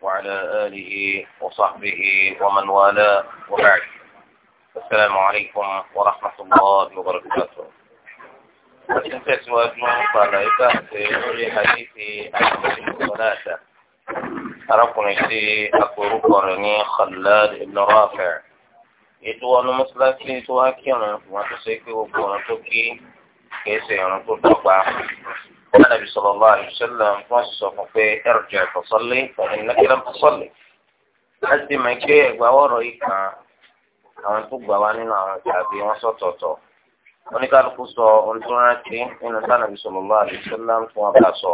وعلى آله وصحبه ومن والاه وبعد السلام عليكم ورحمة الله وبركاته أشهد سواجنا فلا يكافي لولي حديثي أحمد الصلاة أرقني في أقرقرني خلاد بن رافع يتوان مسلسي تواكينا وتسيكي وكونا توكي كيسي أنا تتوقع النبي صلى الله عليه وسلم وصف في ارجع فصلي فإنك لم تصلي láti mọ̀ pé ẹ̀gbà ọ̀rọ̀ yìí kan àwọn tó gbà wá nínú àwọn tàbí wọn sọ̀tọ̀ọ̀tọ̀ oníkálukú sọ ohun tó rántí nínú sànàbí sọlọ́lá àdìsọ́lá tí wọ́n bá sọ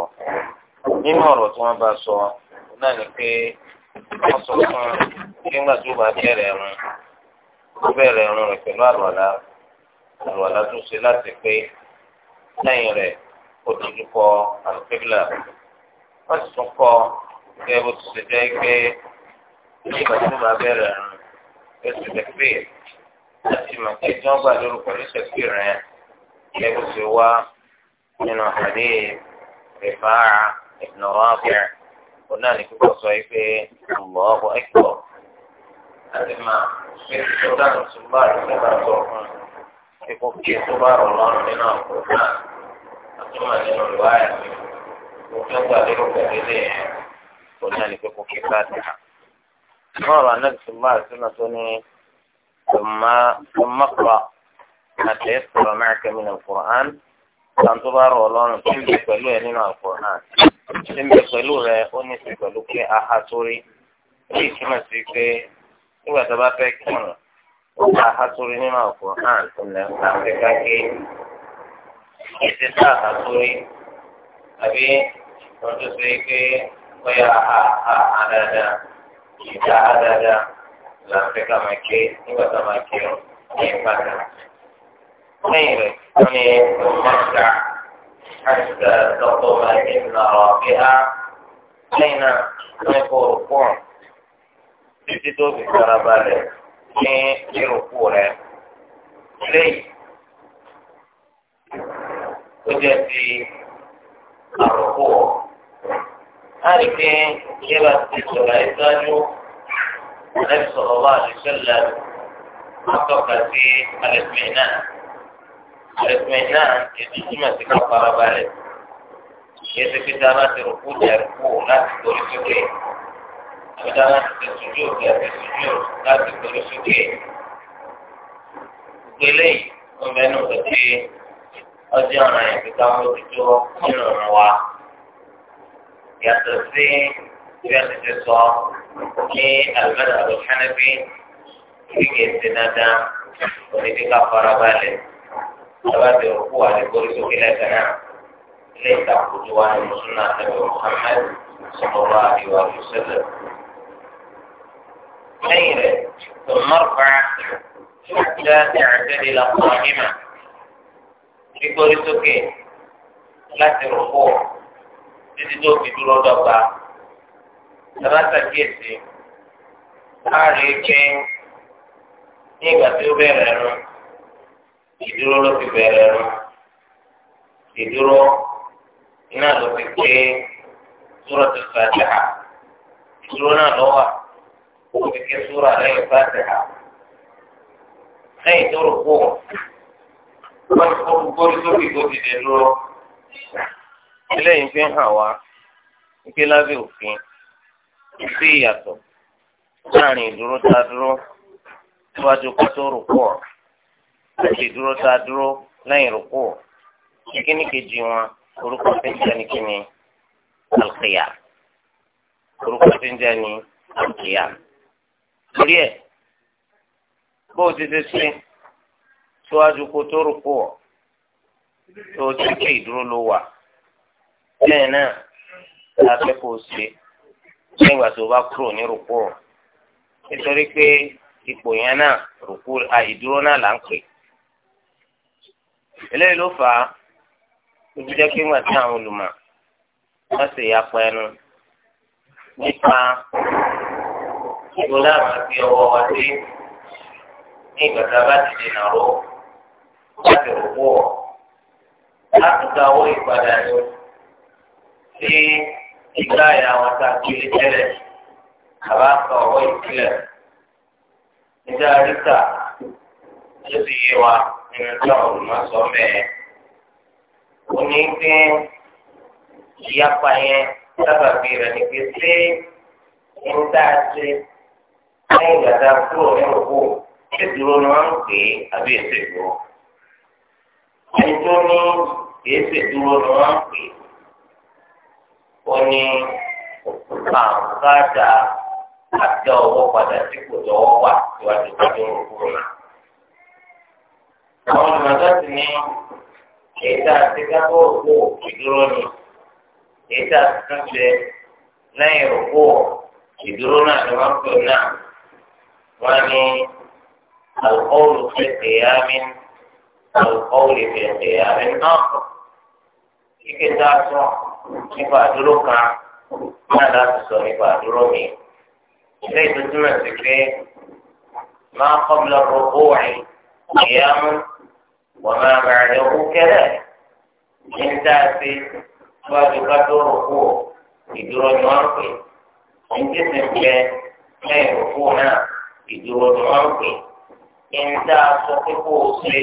nínú ọ̀rọ̀ tí wọ́n bá sọ náà ni pé wọ́n sọ fún nígbà tó bá bẹ̀rẹ̀ ẹ̀rùn tó bẹ̀rẹ̀ ẹ̀rùn rẹ̀ pẹ̀lú àlùwàlá àlùwàlá tó ṣe láti pé lẹ́yìn rẹ̀ kó dojú kọ àlùkébìlà wọ́n sì tún kọ́ ṣe bó ti ṣe jẹ́ pé ní ìgbà tí wọ́n máa bẹ̀rẹ̀ rẹ̀ ló ti lè pè é láti mọ̀ pé tí wọ́n gbà lórúkọ ló ṣe pè rẹ̀ ṣe bó ti wá nínú àdé rìfáà ìnáwó àbẹ̀rẹ̀ òun náà ní kíkọ́ sọ pé ọ̀lọ́ ẹ̀kọ́ àti máa ṣe tó dáhùn tó bá rẹ̀ nígbà tó kún kíkọ́ kí tó bá rọ̀ lọ́rùn nínú àkókò náà àtúmọ̀ nínú ìlú ayà mi mo fẹ́ gbà lérò pẹ̀lú ilé yẹn kò ní àlè pé kò kí bá ti hàn. Mọ̀rọ̀ anábìsí máa sí náà tó ní ọmọkùnrin àti ẹ̀sọ̀rọ̀ náà kẹ́mi nà Kùrán kan tó bá rọ̀ ọlọ́run tí ń bẹ pẹ̀lú ẹ̀ nínú Kùrán tí ń bẹ pẹ̀lú rẹ̀ ó ní sí pẹ̀lú pé aha sórí ó yìí túmọ̀ sí pé nígbà tó bá fẹ́ kírun ó bá aha sórí nínú Kùrán tó lẹ́ ètè náà hà sórí àbí tọ́jú sí pé bóyá ha ha ha dáadáa ìjà ha dáadáa là ń fẹ́ ká máa ké nígbà tá a máa ké ọ ní ìpadà. lẹ́yìn rẹ̀ wọ́n ní mọ́tà àìsà lọ́pọ̀ máa ní ìlànà bí a lẹ́yìn náà wọ́n ní kó o pọ̀ títí tó fi fara balẹ̀ ní ìrùkú rẹ̀ lẹ́yìn tó jẹ́ ti àròkọ láti pé yẹ bá ti sọ̀rọ̀ ẹ̀ sáájú alẹ́ sọ̀rọ̀ wá àdìsẹ́lẹ̀ látọ̀ka sí alẹ́sìmẹ̀ náà alẹ́sìmẹ̀ náà ètò túmọ̀ sí ká farabalẹ̀ yẹ ti pété aláti rògbò jẹ́ rògbò láti torí sókè àbídá láti tẹ̀sùjú òkè àti tẹ̀sùjú láti torí sókè gbélé ìgbẹ́nu pẹ̀lú. ọjọ́ ọ̀ràn yẹn kíkà mójútó nírọ̀rùn wa yàtọ̀ sí bí a ti ti sọ ní alimẹ́ta tó hánẹ́bí kí kì í ti dandan onídìíkà farabalẹ̀ lọ́wọ́dì òkú àdìgbòrí sókè lẹ́ka náà ilé ìtàkùjú wa ní musu mùsùlùmí àtẹ̀wé Muhammad sọ̀rọ̀ àdìwà ìṣẹ̀lẹ̀. lẹ́yìn rẹ̀ tó mọ̀rọ̀ bá ṣáà ṣáà ṣe àtẹ̀lé lọ́kọ̀ọ́ gbígbórí sókè láti rò títí tó fi dúró dọ́gba aláṣàkíyèsí láàrin pé ní ìgbà tí ó bẹ̀rẹ̀ rún ìdúró ló fi bẹ̀rẹ̀ rún ìdúró iná ló fi pé Suratul Fatiha ìdúró náà ló wà ó fi ké súrà lẹ́yìn Fatiha lẹ́yìn tó gbórí sókè kó dìde dúró eléyìí fi ń hàn wá wípé lábẹ́ òfin ìgbé ìyàtọ̀ láàrin ìdúró tá dúró síwájú kó tó rò pọ̀ àti ìdúró tá dúró lẹ́yìn rò pọ̀ kíkíní kejì wọn orúkọ fi ń jẹ́ ní kíni àlùkìyà orúkọ fi ń jẹ́ ní àlùkìyà lórí ẹ̀ bó o ti ṣe ṣe. síwájú kó tó rúkú ọ tó o ti ìdúró ló wà bẹ́ẹ̀ náà la ṣe lẹ́yìn tó o bá kúrò ní rúkú ọ nítorí pé ipò yẹn náà rúkú ìdúró náà là ń pè ya pa ẹnu nípa ìgbóná àti ọwọ́ wa sí ní láti òkú ọ̀ láti gba owó ìpadà ni sí ìgbà ìyá wọn tá a kiri tẹ́lẹ̀ àbá ka ọwọ́ ìpìlẹ̀ níta ríta ló sì yé wa nínú tí àwọn olùmọ̀sọ́ mẹ́ẹ̀. ó ní pé ìyapa yẹn sábàbí rẹ̀ ní pé ṣé ń dá ṣe lẹ́yìn ìgbà tá a kúrò ní òkú ṣé ni wọ́n ń pè é àbí ètò ìgbọ́ ẹjọ́ ní kìí ṣèdúró ni wọ́n ń pè ó ní pàǹkádà àti ọwọ́ padà tí kò tọwọ́ wà síwájú tọ́jú òkúrò náà. àwọn olùmọ̀tọ́ sì ní èyí tá a ti ká bọ́ òkú ìdúró ni èyí tá a lẹ́yìn òkú ìdúró náà ni wọ́n pè náà wọ́n ní alukóòlù fẹ́ kéèyàn mi. أو قول في قيام آخر kíkẹ́ tá a sọ nípa àdúró kan náà láti sọ nípa àdúró mi. ilé ìtútúmọ̀ sí pé máa kọ́bùlọ̀ rògbò wáyé ìyáàmú wọ́n máa bàrẹ̀ lọ́wọ́ kẹ́lẹ́. ní tá a ṣe síwájú ká tó rògbò ìdúró ni wọ́n pè. ní títí pẹ́ lẹ́yìn rògbò náà ìdúró ni wọ́n pè. ní tá a sọ pé kó o ṣe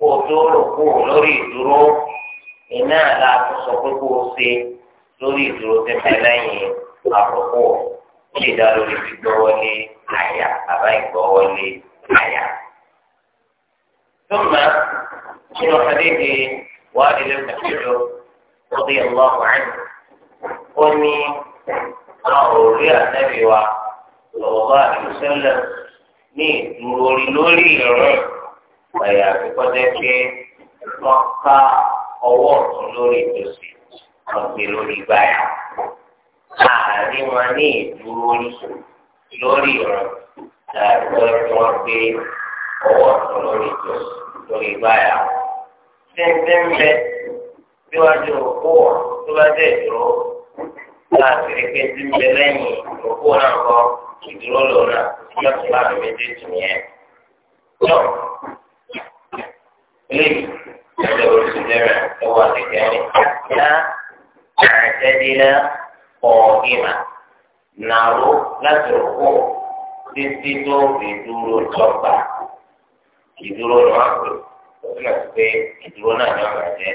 kó o tó rò kó o lórí ìdúró iná la sọ pé kó o ṣe lórí ìdúró tó fẹ́ lẹ́yìn àkókò ṣe dá lórí gbígbọ́ wọlé àyà àbá ìgbọ́ wọlé àyà. ثم من حديث وائل بن حجر رضي الله عنه أني أروي النبي صلى الله عليه وسلم ní ìdúró lórí àyà àfikọ́jẹ́ pé wọ́n ká ọwọ́ ọ̀tún lórí ìtòsí wọ́n gbé lórí báyà. láàárín wọn ní ìdúró lórí ọ̀rọ̀ láàárọ̀ tí wọ́n gbé ọwọ́ ọ̀tún lórí ìtòsí lórí báyà. tẹ́ńtẹ́ ń bẹ síwájú òkú ọ̀ tó bá dẹ̀ dúró láàárín pé tí ń bẹ lẹ́yìn òkú náà kọ́ ìdúró lọ́nà yọ̀tún láàárín méjèèjì yẹn. ليه؟ لو الجمع هو يعني حتى تعتدل قائمة نارو نتركه títí tó fi dúró lọ́gbà ìdúró ni wọ́n pè ó fi hàn pé ìdúró náà ni wọ́n bàjẹ́.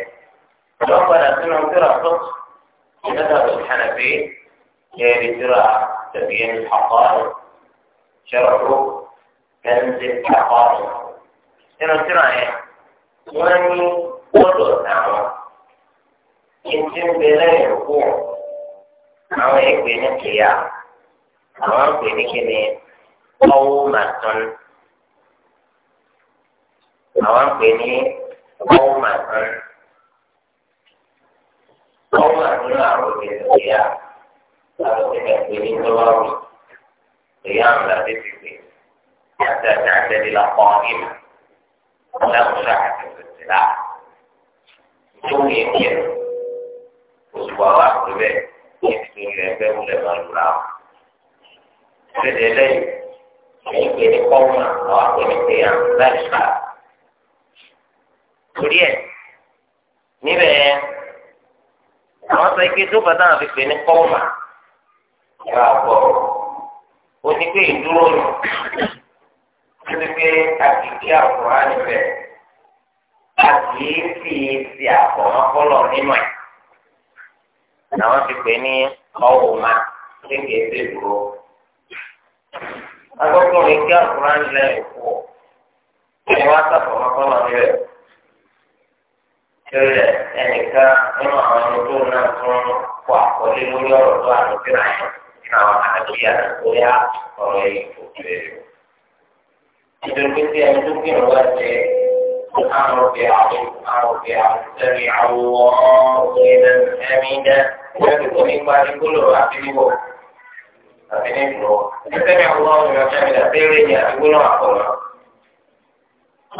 wọ́n padà sínú tíra tó ìdájọ́ tó hàn pé kẹ́rì tíra tẹ̀lé ní àkọ́rọ̀ ṣẹ́rọ̀ tó kẹ́rì ní àkọ́rọ̀ nínú tíra yẹn. wọ́n ní gbọ́dọ̀ táwọn ìdí ń bẹ lẹ́yìn òkú àwọn ẹgbẹ́ ní kìíyà àwọn ẹgbẹ́ ní kíni ọwọ́ màtán àwọn ẹgbẹ́ ní ọwọ́ màtán ọwọ́ màtán àwọn ẹgbẹ́ ní kìíyà àwọn ẹgbẹ́ ní tọ́wọ́rù kìíyà àwọn ẹgbẹ́ ti pè é yàtọ̀ àti àtẹ̀lé la pọ̀ ọ́ nínú. ولا مشاحة في السلاح ثم يمكن أسبوعات به يكتب لبه لبه Fede lei, mi chiede come ho acquisito la risposta. Torí ẹ̀, níbẹ̀ àwọn sọ ike tó bàtà àfi pè ní kọ́ọ̀mà ìwà àbọ̀ òní pé ìdúró nù níbi pé àkìkí àkùránì bẹ̀ a kì í sì ṣe àkọ̀mọ́kọ́lọ̀ nínú ẹ̀. Àwọn ti pè ní ọ̀wùmá kéèké ṣe dúró. Agbọ́dọ̀ ní kí àkùránì lẹ́yìn kú ọ̀. Ẹni wá sàkọ̀mọ́kọ́lọ̀ níbẹ̀. Ṣé ẹnìkan nínú àwọn ẹni tó náà tún kọ àkọlé lórí ọ̀rọ̀ tó àdókè náà nínú àwọn àdókè àdókè ọ̀rọ̀ yìí kò tẹ̀lé بتركتي أن تمكن وجهه سبحان ربي العظيم سبحان ربي العظيم سمع الله لمن حمده لكن كل إخواني كله أعتبره أعتبره سمع الله لمن حمده سيرني أقوله أقوله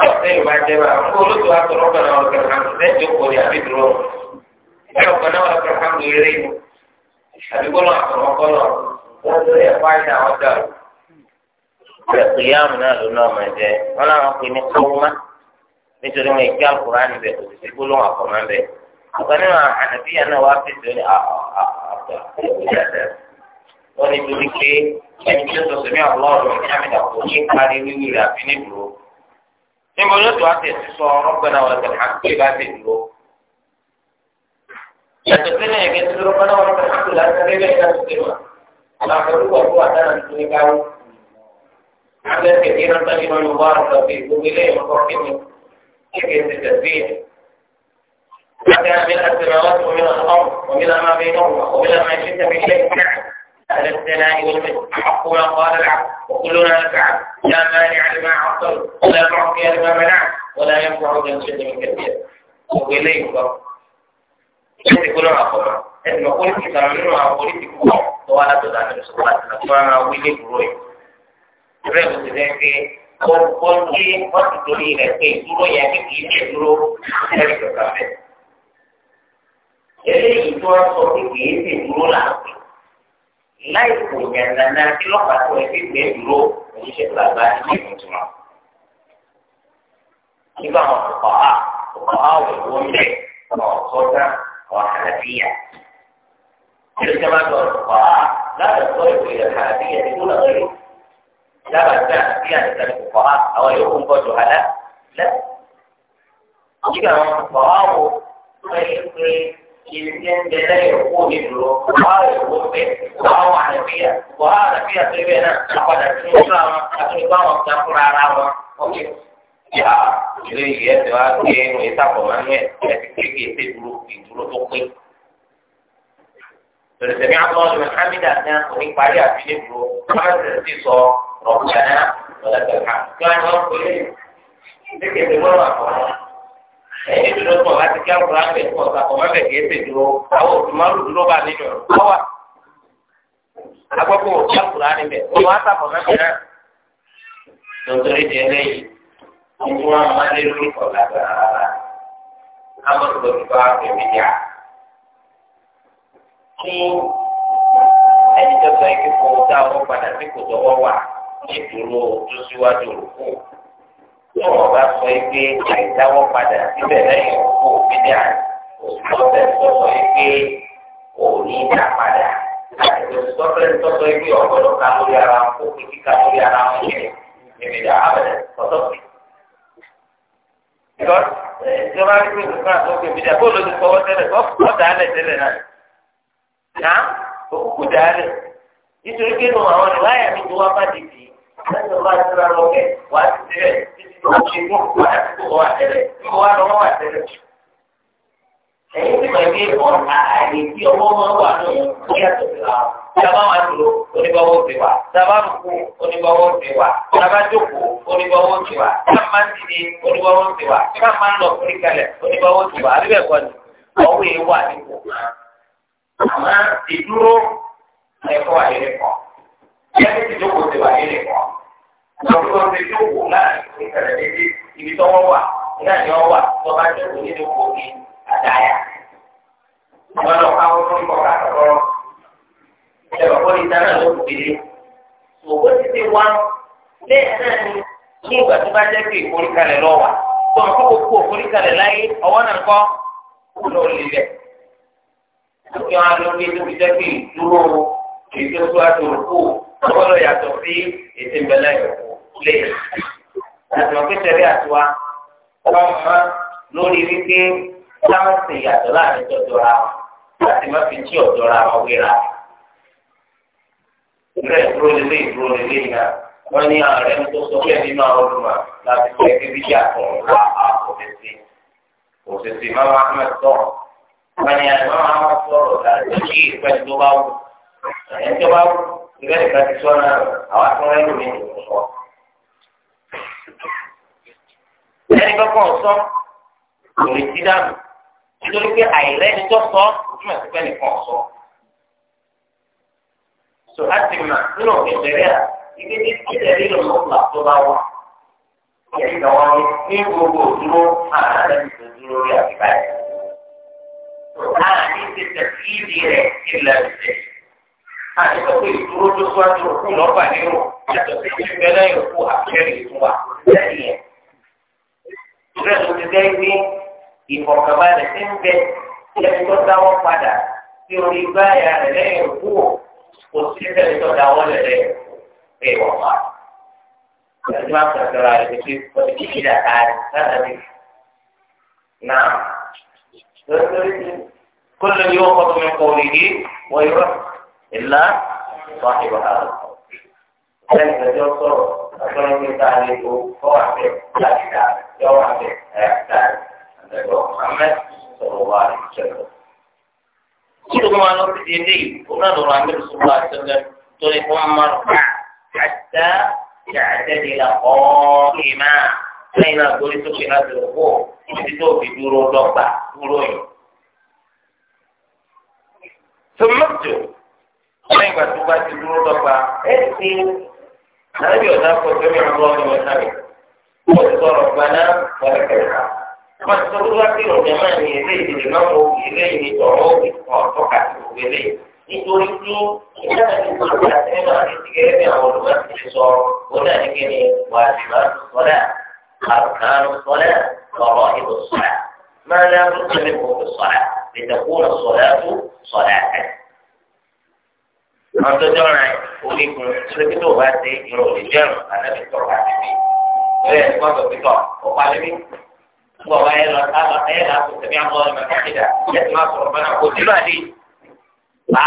Ọ̀sẹ̀ ìbàjẹ́ bá ń kó olóṣù àtọ̀rọ̀ kan náà ọ̀sẹ̀ kan lẹ́jọ́ kò ní àbí dúró. Ẹ̀rọ kan náà ọ̀sẹ̀ kan lè rí. Àbí kó náà àtọ̀rọ̀ kan náà wọ́n tó yẹ fáìlì àwọn dàrú. ìyàmù náà ló náà máa jẹ wọn làwọn pè ní kọ́wọ́mà nítorí wọn ìgbé àkùránì bẹ kò sì sí gbólóhùn àkọ́mọ́ bẹ ọ̀kan nínú àdàbíyà náà wàá fèsì ó ní àbùdá wọn ni torí pé ẹni tó sọ sí ní ọlọ́run naa ló tó o ìdàpọ̀ ní parí wíwí rẹ̀ àfi ní ami ko níbo ló tó àti ẹ̀sìn sọ ọlọ́pẹ́ náà wọ́n ti hàn pé bá ti dúró yàtọ̀ sílẹ̀ ẹ̀gẹ́ tí ó rọ́pẹ́ náà wọ́n ti hàn pé láti rí bẹ́ẹ̀ láti dé wọn àwọn akẹ́kọ̀ọ́ tó wà dáná nítorí káwọ́. عدد كثيرا طيبا مباركا فيه إليه مفرحين كيف التسبيح حتى من السماوات ومن الأرض ومن ما بينهما ومن ما شئت من شيء أهل الثناء والمجد حق ما قال العبد وكلنا لك عبد لا مانع لما عطل ولا معطي لما منع ولا ينفع ذا الجد من كثير وإليه فرق يجب كل ما قلنا إذ ما قلت كثيرا منه ما قلت كثيرا ولا تدعنا بسرعة لما ويلي بروي rẹ̀ ló ti dẹ́ pé kó ní wọ́n ti torí rẹ̀ pé ìdúró yẹn kí kì í ṣe dúró lẹ́yìn ìjọba bẹ́ẹ̀. eléyìí tó wọ́n sọ pé kì í ṣe dúró làǹkì láì kò yẹn nana kí lọ́pàá tó ẹ fi gbé dúró òun ṣe bàbá ilé ìtumọ̀. nígbà wọn kò kọ́ á kò kọ́ á wò wọ́n bẹ́ẹ̀ wọn kọ́ dá wọn àlàbíyà. ìlú jẹ́ máa lọ kọ́ á láti sọ ìpè dábàá sí àtúntí ní kòkò ha àwọn yòókù ń bọ̀ jù hàdá lẹ́. nígbà wọn kò wá wo wọ́n yẹ pé ìdílé ń bẹ lẹ́yìn òkú mi dúró kò wá òkú bẹ̀ kò wá wà ربنا ولك الحمد كان رب ليه ẹni tó wá ti kí àwòrán bẹ̀ fún ọ̀sà kọ̀ mẹ́fẹ̀ kìí ṣe dúró àwọn òtúmọ̀lù dúró bá nínú ẹ̀rọ kọ́ wa. agbọ́kọ̀ òkú àwòrán níbẹ̀ wọ́n wá sàkọ̀ mẹ́fẹ̀ náà. lọ́tọ́rí di ẹlẹ́yìí ìlú wọn máa lórí ọ̀la gbàrà amọ̀tò tó bá èmi yá. kí ẹni tó sọ ikú kò dá owó padà sí kò tọwọ́ wà nídúró tó síwájú òkú tí wọn bá sọ pé àìdáwọ́ padà síbẹ̀ lẹ́yìn òkú òbídà òṣìṣẹ́ sọ̀rọ̀ pé òní dá padà àìsọ̀rọ̀ sọ̀rọ̀ pé ọ̀gbọ́dọ̀ ká lórí ara wọn kó pé kíkà lórí ara wọn yẹn ìrìnà abẹ́rẹ́ sọ̀tọ̀ pé. ìjọba ní pé nǹkan àtọ́kù ìbílẹ̀ kó ló ti fọwọ́ tẹ́lẹ̀ kọ́ dàálẹ̀ tẹ́lẹ̀ náà náà òkúkú dàálẹ̀ nítorí pé nù àwọn ìwáyà mi ti wá bá dìbì láti ọba ìṣúra lọ kẹ wàá ti tẹ̀lé títí tó ṣe mú wàá ti tó wà tẹ̀lé tó wà lọ́wọ́ wà tẹ̀lé. ẹ̀yin ti mọ̀ ní ọ̀nà àyè tí ọmọ máa wà ní ìyàtọ̀ síra sábà wà dúró oníbọwọ́ ti wà sábà rúkú oníbọwọ́ ti wà sábà jókòó oníbọwọ́ ti wà sábà máa ti di oníbọwọ́ ti wà sábà máa ń lọ orí kalẹ̀ oníbọwọ́ ti wà àbíbẹ̀ kọ́ ni ọwọ́ yẹn wà nípò. àmọ́ ìdúró ẹ̀kọ́ àyẹ̀kọ́ ẹgbẹ́ ti jókòó ti wà nílẹ̀ kan lọ́kọ́ ti jókòó náà ìṣẹ̀lẹ̀ dédé ibi tó wà náà ni wọ́n wà tó bá jókòó nínú kòkí àdáyà. wọ́n lọ ká wọ́n fún ìkọ̀ọ̀ká ní ìgbà tó bá láyé ọwọ́ náà kọ́ kó lọ lílẹ̀. tó fi èyí tó ọgbọ́dọ̀ yàtọ̀ sí ètè ìbẹ̀lẹ̀ lè àtìmọ̀ pé tẹ̀lé àtiwá wọ́n mọ́ lórí wípé táwọn sì yàtọ̀ láàrin tọ̀dọ̀ ra wọn láti má fi tí ọ̀dọ̀ ra wọn wéra. ìrẹ́ ìdúró lélé ìdúró lélé ìyá wọ́n ní àwọn ọ̀rẹ́ tó sọ pé nínú àwọn olùmọ̀ láti fẹ́ kí bíbí àtọ̀ wá àkọ́bẹ̀sẹ̀ òṣèṣì máa wá mẹ́ sọ̀rọ̀ wọ́n ní àwọn máa sọ̀rọ̀ láti ṣí ìpẹ́ tó bá wù ẹ̀ tó bá wù ìgbẹ́ nìkan ti sọ náà àwọn akẹ́wọ́n ẹ̀rọ mi kò sọ. ẹni kankan sọ kò lè ti dànù nítorí pé àìrẹ́ni tó sọ ojúmọ̀ sí pẹ́ nìkan sọ. sọ láti mà nínú òfin ìbẹ̀rẹ̀ à ibi tí ìbẹ̀rẹ̀ lílo lọ́wọ́ tó bá wà. ìyẹn ìgbà wọn ní gbogbo òdúró àárẹ̀ ìdòdúró rí àbíkáyà. láàrin ti tẹ̀síìlì rẹ̀ ìlànà ìtẹ̀sí àtúntò pé ìdúró tó síwájú òkú lọ́ba nírò yàtọ̀ sí ti fẹ́ lẹ́yìn òkú àkẹ́rì fún lẹ́yìn ẹ̀. ìrẹ́ tó ti dẹ́ gbé ìfọ̀kànbalẹ̀ sí ń bẹ ẹni tó dáwọ́ padà sí orí báyà rẹ̀ lẹ́yìn òkú ò kò sí ẹni tó dáwọ́ lẹ̀ lẹ́yìn ẹ̀ wọ̀ wá. ìrẹ́jú máa pẹ̀lú ara rẹ̀ pé ọtí kìí kí dàtà rẹ̀ sáàdàbí. náà lọ́sọ̀rọ̀ kó lè yọ ọkọ̀ tó mi kọ̀ إلا صاحب هذا القول لكن لو أصلا في تعليق فواحد الله يواحد يحتاج النبي محمد صلى الله عليه وسلم كل ما نرد إليه ونظر عن النبي صلى الله عليه وسلم طريق مرفع حتى تعتدل قائما لأن الكل في هذا الوقوع يجدوا في دور دقة دورين ثم اكتب lẹ́yìn ìgbà tó bá ti dúró dọ́gba ẹ ti nàbí ọ̀dà kọ tó yẹ ọ̀dọ́ ọ̀dọ́ ọ̀dọ́ rẹ̀ wọ́n ti sọ̀rọ̀ gbaná wọlé kẹta wọ́n ti sọ̀rọ̀ wá sí ọ̀dọ́ máa ní ilé ìdílé máa mọ òkè ilé ìdílé ọ̀rọ̀ òkè ọ̀tọ́ kàti òkè lé nítorí tí ìyá àti ìgbà àti nínú àti ìgbẹ́ bí àwọn olùwà ti lè sọ ọ̀dọ́ àdìgẹ́ni wà á ti máa sọ̀dá أركان الصلاة فرائض الصلاة ما لا بد منه في الصلاة لتكون الصلاة صلاة ọtọjọ ra oríkun sókítọ bá dé irun òní jẹrun ànábi tọrọ bá dé bí bẹ́ẹ̀ wọn sọ pípọ ọpa dé bí wọn bá yẹ lọ sáà lọ ẹ là kó tẹmí àwọn ọmọ káfíńdà ẹ ti máa sọ̀rọ̀ mọ náà kò sínú àdé bá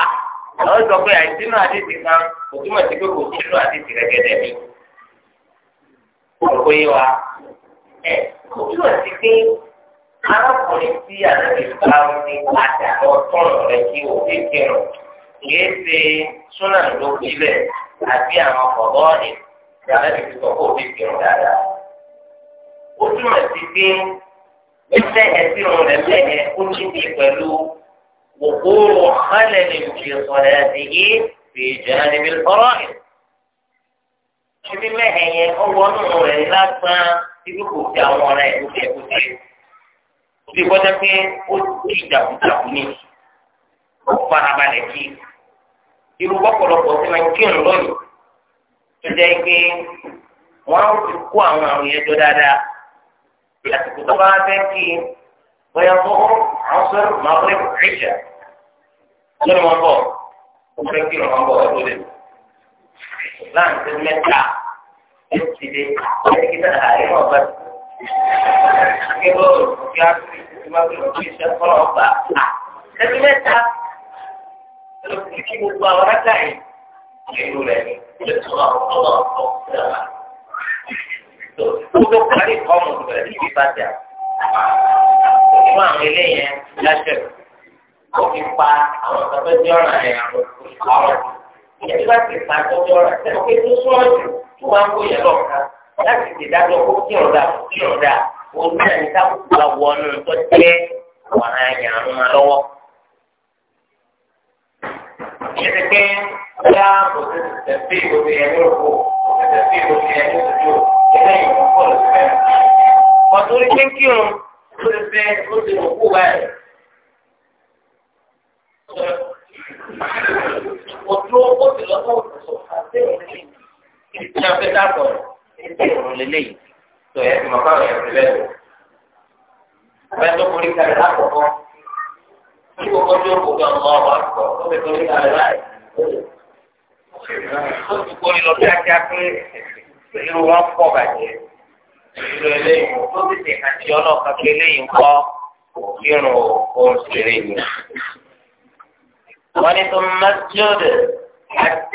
ọ sọ pé àìsínú àdé ti kan kò túmọ̀ sí pé kò sínú àdé ti rẹ̀ gẹ́gẹ́ bí kò yé wa ẹ kò túmọ̀ sí pé arákùnrin tí ànábi bá ń ní àdá lọ tọrọ rẹ kí òfin kírun kìí ṣe súnà ló fi bẹ̀ àti àwọn kọ̀ọ̀bọ́ọ̀nì ìyàrá ti fi sọ́kò fi kírun dáadáa. ó túmọ̀ sí pé ẹsẹ̀ ẹ̀sìn rẹ̀ lẹ́yìn ó ní ti pẹ̀lú òkúrò hálẹ̀ lè fi sọ̀rọ̀ àti yìí fi jẹ́ níbi ọ̀rọ̀ ẹ̀. ibi mẹ́hẹ̀ yẹn ó wọnú rẹ̀ lágbán ibi kò fi àwọn ọ̀rẹ́ ẹ̀ lókè kúté. ó ti gbọ́dọ̀ pé ó ti dàkúdàkú ní ó farabalẹ̀ kí irú wọ́pọ̀lọpọ̀ tí wọ́n kírun lónìí tó jẹ́ pé wọ́n ti kó àwọn àrùn yẹn jọ dáadáa àsìkò tó bá fẹ́ kí bóyá fọ́ọ́ ọ̀sán màbúrẹ́ ìṣà lónìí wọn bọ̀ ó fẹ́ kírun wọn bọ̀ ọdún lẹ́nu láàrin mẹ́ta ó ti lé ẹni kí náà àárẹ̀ wọn bá ti kí bọ́ọ̀lù kí á fi ìgbà tó mẹ́ta kí gbogbo àwọn rákà yìí nínú rẹ̀ lè tó àwọn ọmọ ọkọ̀ ìjọba. Gbogbo parí ìkọ́mù bẹ̀rẹ̀ sí ìbàdàn. Fún àwọn ilé yẹn láṣẹ kò fi pa àwọn ọ̀sán tó ọ̀ràn ẹ̀ àwọn ọ̀ràn. Ìyẹn bá ti pa tó ọ̀ràn ẹ̀ òkè tó sọ̀rọ̀ jù tó wá ń kó yẹn lọ́ọ̀ká láti ṣèdájọ́ kó kí ọ̀dà kó kí ọ̀dà òun náà ní sábùkù bá wọnú tó jẹ́ ọ̀ràn ẹ̀yàn lọ́wọ́ kíkẹ́ pé bóyá kò sí tẹ̀sí ìgbòho yẹn ní òkú tẹ̀sí ìgbòho yẹn ní òkú kíkẹ́ ìgbòho pọ̀ lọ sí bẹ́ẹ̀. wọ́n torí pé kí o ó ti fẹ́ ó ti òkú báyìí. Ojú ó ti lọ fún òṣìṣọ́ àti ìrìn ìṣẹ́ afẹ́ dàgbọ̀ ìṣẹ́ ìrìn lélẹ́yìí. Sọ yẹn ti mọ̀ káwọn yẹn ti Bẹ́ẹ̀ tó kórìí kí gbogbo tó kù gan mọ́ wà pọ̀ ó fi torí kalẹ̀ láì. ó ti kórè lọ bí ajá pé irú wọn pọ̀ bàjẹ́ ìlú eléyìí tó ti tẹ̀ àti ọlọ́ọ̀ká pé eléyìí ń kọ́ òkírun òun ṣeré ni. wọ́n ní tó mẹ́tíọ́dù àti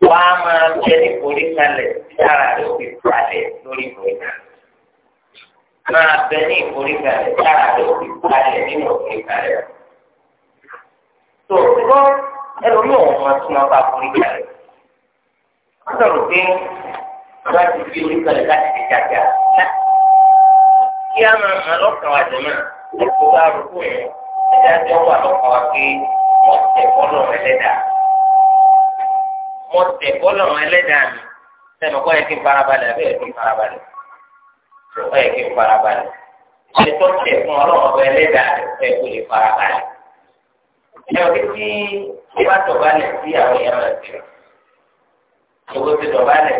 wà á máa jẹ nítorí kalẹ̀ sára rẹ̀ fi balẹ̀ lórí ìwé náà. Máa bẹ ní ìforí kalẹ̀ sára rẹ̀ fi balẹ̀ nínú ìforí kalẹ̀. Tó gbọ́ ẹrù ní òun máa tún ọba forí kalẹ̀. Wọ́n sọ̀rọ̀ pé wọ́n ti fi orí kalẹ̀ láti fi jàjà náà. Kí á máa máa lọ́kàn wá jẹ̀mọ́ ẹ̀kọ́ bá rúkú yẹn. Ẹ̀dá jọ wà lọ́kàn wá pé wọ́n tẹ̀ bọ́lọ̀ ẹlẹ́dàá mo tẹ̀ bọ́lọ̀rùn ẹlẹ́dàá mi sẹ́nu kọ́ yẹ kí n farabalẹ̀ àbí yẹ kí n farabalẹ̀ tó ọ yẹ kí n farabalẹ̀ ṣe tó tẹ̀ fún ọlọ́run ọba ẹlẹ́dàá rẹ̀ kó lè farabalẹ̀ ẹ ò kí tí bá tọ̀balẹ̀ sí àwọn èèyàn rẹ̀ sí owó ti tọ̀balẹ̀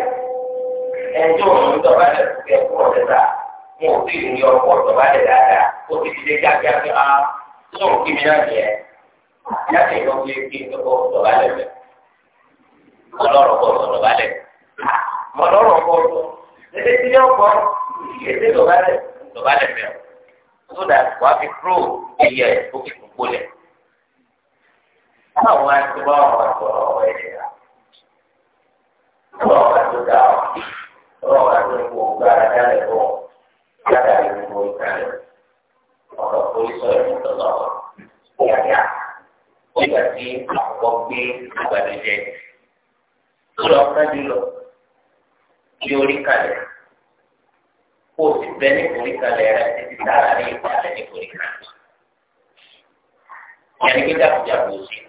ẹjọ́ òun tọ̀balẹ̀ sí ẹ̀kú ọ̀dẹ́ta wọn ò tí ì ní ọkọ̀ tọ̀balẹ̀ dáadáa ó ti di dé kíákíá fún wa ah, tó ń kí mi náà nìyẹn yàtọ̀ ìlọ́gbé kí n tó kọ́ tọ̀balẹ̀ bẹ́ẹ̀ ọlọ́rọ̀ bọ̀ ọ̀dọ̀ balẹ̀ ọlọ́rọ̀ bọ̀ ọ̀dọ̀ ẹ̀ẹ́dẹ́ tí yóò kọ́ ẹ̀ẹ́dẹ́ lọ́ba lẹ̀ lọ́ba lẹ̀ mẹ́rin so that wàá fi kúrò ẹ̀yẹ òkè gbogbo lẹ̀ àwọn àti bá wọn sọ̀rọ̀ ọ̀rọ̀ ẹ̀yẹ rà ọ̀rọ̀ wa tó dà ọ́ ọ̀rọ̀ wa tó kó gbára dálẹ̀ bọ̀ yàrá ìlú ìkàlẹ̀ ọ̀rọ̀ polisi ọ̀rọ̀ ìtọ́lọ́wọ́ yàrá ó yà sí àkọ́kọ́ gbé àgbàdo jẹ́ lọ kájú lọ kí orí kalẹ̀ kó o ti bẹ ní orí kalẹ̀ rẹ títí tára ní ìpàdé ní orí kalẹ̀. Yẹ́nì kí jákèjádò ó ṣe.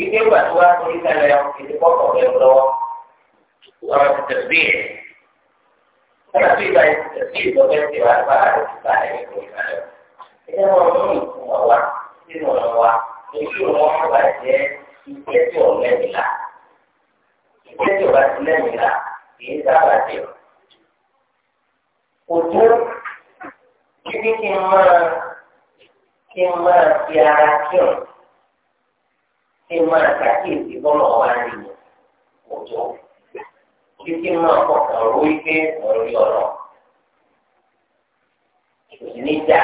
Ike ìgbà tó wá orí kalẹ̀ ìdí kọ́kọ́ rẹ lọ́wọ́. Wọ́n ti tẹ̀ bí ẹ̀. Wọ́n ti gba ìtẹ̀ sí ìdọ́gbẹ́ tí wàá bá àrùn ìgbà rẹ̀ ní orí kalẹ̀. Ẹ wọ́n mú ìtumọ̀ wá sínú ọ̀rọ̀ wa èyí ò wọ́n bàjẹ́ iṣẹ́ tí ò lẹ́mìí la iṣẹ́ tí ò bá ti lẹ́mìí la kìí sábà jẹ. Òtú kíkí kí n máa kí n máa fi ara kíọ̀ kí n máa ṣàkíyèsí bọ́lá wa ni òtú kíkí máa fọkàn ró wípé ọ̀rọ̀ òsì níjà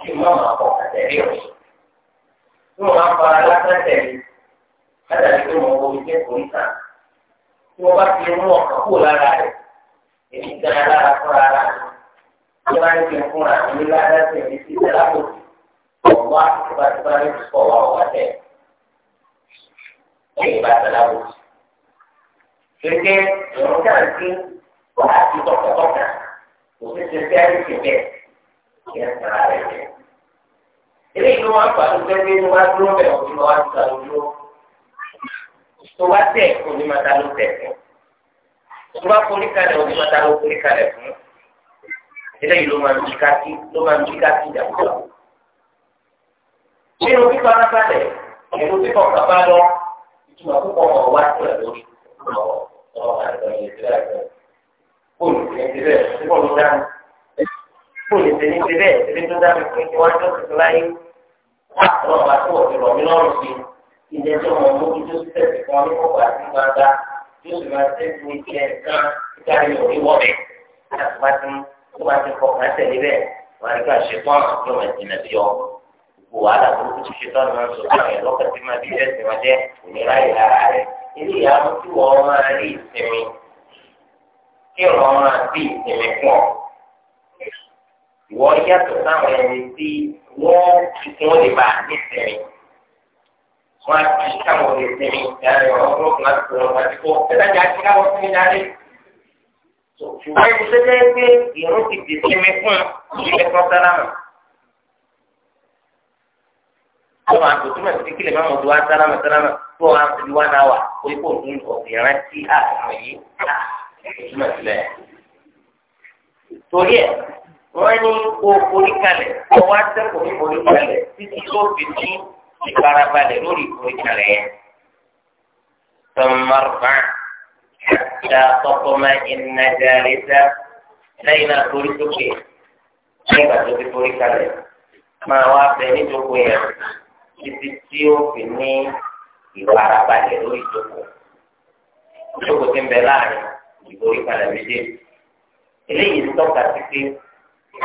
kí n máa fọkàn tẹ̀lé òsì tí wọ́n máa fara lásán tẹ̀lé látàrí pé wọ́n wo ilé ìkórè tí wọ́n bá fi mú ọ̀kan kúrò lára rẹ̀ èmi gan lára fúnra rà tí wọ́n bá ní kí n fúnra mi ládàá tẹ̀lé sí ìtẹ́lá kò sí ọ̀wọ́ àtúbàtúbà ní ìsọ̀wọ́ ọ̀wọ́ tẹ̀ lẹ́yìn ìbátẹ́lá kò sí. Gẹ́gẹ́ ìrún káàkiri wà á ti tọkàtọkà òfin ṣe fẹ́ẹ́ ṣe bẹ́ẹ̀ kí ẹ sàrà rẹ̀ bẹ́ẹ̀ eléyìí ló máa ń fàánù pẹ́ẹ́pẹ́ ní wá dúró bẹ̀rẹ̀ òfin lọ́wọ́ ti ta lójú tó wá tẹ̀ kó ní máa ta ló tẹ̀ fún tó bá forí kalẹ̀ òfin máa ta ló forí kalẹ̀ fún eléyìí ló máa ń kákí ló máa ń jí kákí ìjàmbá nínú fífa lábàlẹ̀ nínú fífa kaba lọ ìtumọ̀ púpọ̀ ọ̀ wá sílẹ̀ lórí ọ̀ ọ̀ àgbẹ̀yẹ̀ sílẹ̀ olùkẹ́ sílẹ̀ sípò ló kó lè tẹ̀lé ṣe bẹ́ẹ̀ ṣẹlẹ̀ tó dábì fún ìwà tó tuntun láyé wà tó wà tó òfin rọ̀ mí lọ́rùn sí ìjẹ́ tó mọ̀ mú kí tó tẹ̀sí fún ọ ní kọ̀kọ̀ àti gbangba tó sì máa tẹ̀sí ní ilé kan kíkà ní òní wọ̀bẹ̀ láti wá sí tó bá ti kọ̀ọ̀kan tẹ̀lé bẹ́ẹ̀ wà á nígbà ṣe fún àwọn ọmọ ìdìnnà bí ọ wọ́n yàtọ̀ sáwọn ẹni tí wọ́n wọ́n lè bá nísìnyí wọ́n á ti káwọn lè sinmi dáre ọ̀rọ̀ láti sọ̀rọ̀ láti kó ẹ̀dájà ti káwọn sinmi dáre. ṣùgbọ́n ẹni tó jẹ́ pé ìrún ti di sinmi fún ìṣẹ́ kan sálámù. àwọn àtòtún náà ti kílè máa mọ̀ tó wá sálámù sálámù tó wá sí wá náà wà orí kò ní ọ̀sìn rántí àtàwọn yìí. Ah, torí ẹ̀ wọ́n ní kó forí kalẹ̀ kó wá sẹ́kọ̀ ní forí kalẹ̀ títí tó fi ní ìfarabalẹ̀ lórí forí kalẹ̀ yẹn. tọ́mọ̀rọ̀fà ṣá tọkọ́mọ iná jáde sá lẹ́yìn náà forí sókè lẹ́yìn náà tó fi forí kalẹ̀ máa wá bẹ níjókòó yẹn títí tí ó fi ní ìfarabalẹ̀ lórí ìjókòó. ìjókòó ti ń bẹ láàrin ìforí kalẹ̀ méjèèjì. eléyìí tọ́ka sí pé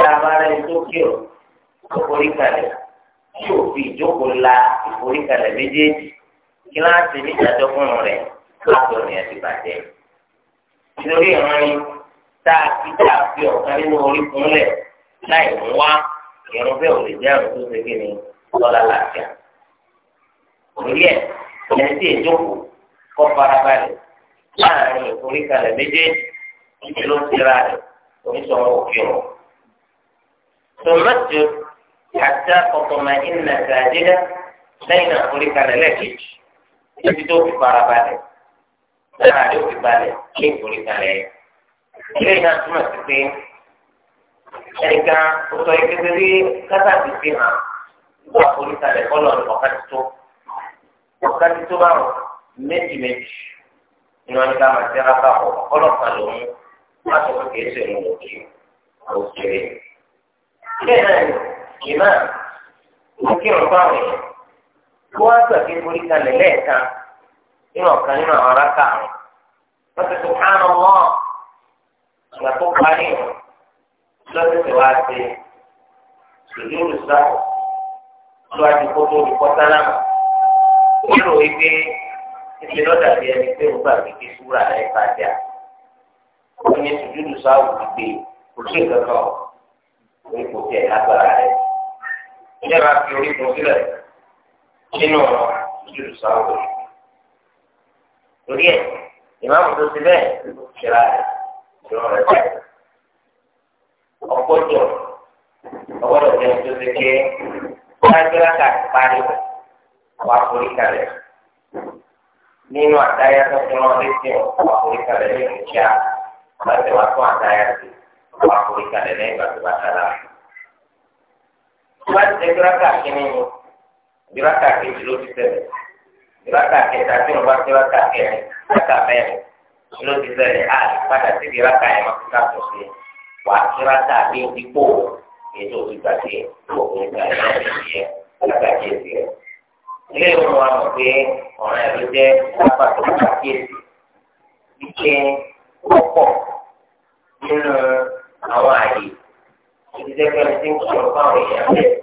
tabara ìtókè ọ ìforíkalẹ̀ tí o fi ìjókòó la ìforíkalẹ̀ méjèèjì kíláàsì níjàdọ́ fún rẹ̀ látọ̀ ní ẹ̀sìn bàjẹ́. nítorí ìrìn tá a fi tá a fi ọ̀kan nínú orí kúnlẹ̀ láì mú wá ìrún bẹ́ẹ̀ ò lè jẹ́ àrùn tó ṣe kí ni lọ́la làásìá. orí ẹ̀ ẹ̀ sì ìjókòó kọ́ farabalẹ̀ láàrin ìforíkalẹ̀ méjèèjì ìjẹ́ ra rẹ̀ oníṣòwò òfin rẹ̀. ثم اسجد حتى تطمئن ساجدا لين أخرك لك يجدو في فراباله لا يجدو في باله كيف أخرك لك إلينا ثم اسجد ẹnìkan ó sọ yìí kékeré kátà ti fi hàn wọ́n àforíta rẹ̀ kọ́ lọ́ọ̀rọ̀ ọ̀kadì tó ọ̀kadì tó bá wọn méjì méjì ni wọ́n ká máa tẹ́ra bá wọn ọlọ́pàá lòun wọ́n á sọ pé kìí ṣe òun bẹ́ẹ̀ náà ni ìmá mo kírun fáwọn èèyàn kí wọ́n á sàké forí kalẹ̀ lẹ́ẹ̀kan nínú ọ̀kan nínú àwọn aráka àwọn wọ́n ti sùkánù mọ́ ìgbà tó parí lọ́sẹ̀ wá sí ìlú olùsá lọ́wọ́dì kó tó olùkọ́ sálámù ó lò wí pé ìṣe lọ́dà bí ẹni pé ó gbà kékeré súra láì bàjá ó ní sùjúdù sáwù gbígbé kò sí ìkankan ọ̀ oríkò tiẹ̀ lágbára rẹ̀. Ilé máa fi oríkò sílẹ̀ nínú ìṣèlú sáwọ́. Torí ẹ̀, ìmáàmù tó ti bẹ́ẹ̀ ṣẹlá rẹ̀ ìrọ̀ rẹ̀ báyìí. Ọ̀pọ̀jọ̀ ọgbọ́dọ̀ jẹ́ tó ti ké lágbára parí wà forí kalẹ̀. Nínú àdáyà tó fi rán létí ọ̀ wà forí ní ìṣá. Àbàtẹ̀ wà fún sí i wàá forí kalẹ̀ lẹ́yìn ìgbà tó bá dára. wọ́n ti tẹ́tí rákà kínní ni bí rákà kejì ló ti tẹ̀lé bí rákà kẹta tí wọ́n bá tẹ́ rákà kẹrin rákà mẹ́rin ló ti tẹ̀lé á padà sí bí rákà yẹn máa fi ká tó ṣe wàá tí rákà bí dípò ètò ìgbà tí òkùnrin kan náà ti yẹ rákà kejì rẹ̀. ilé ìwọ̀n wa mọ̀ pé ọ̀ràn ẹ̀ jẹ́ lápá tó rákà kejì wípé ó pọ̀ nínú àwọn àyè ìdílé pẹ̀lú tí ń kírun fáwọn èèyàn bẹ́ẹ̀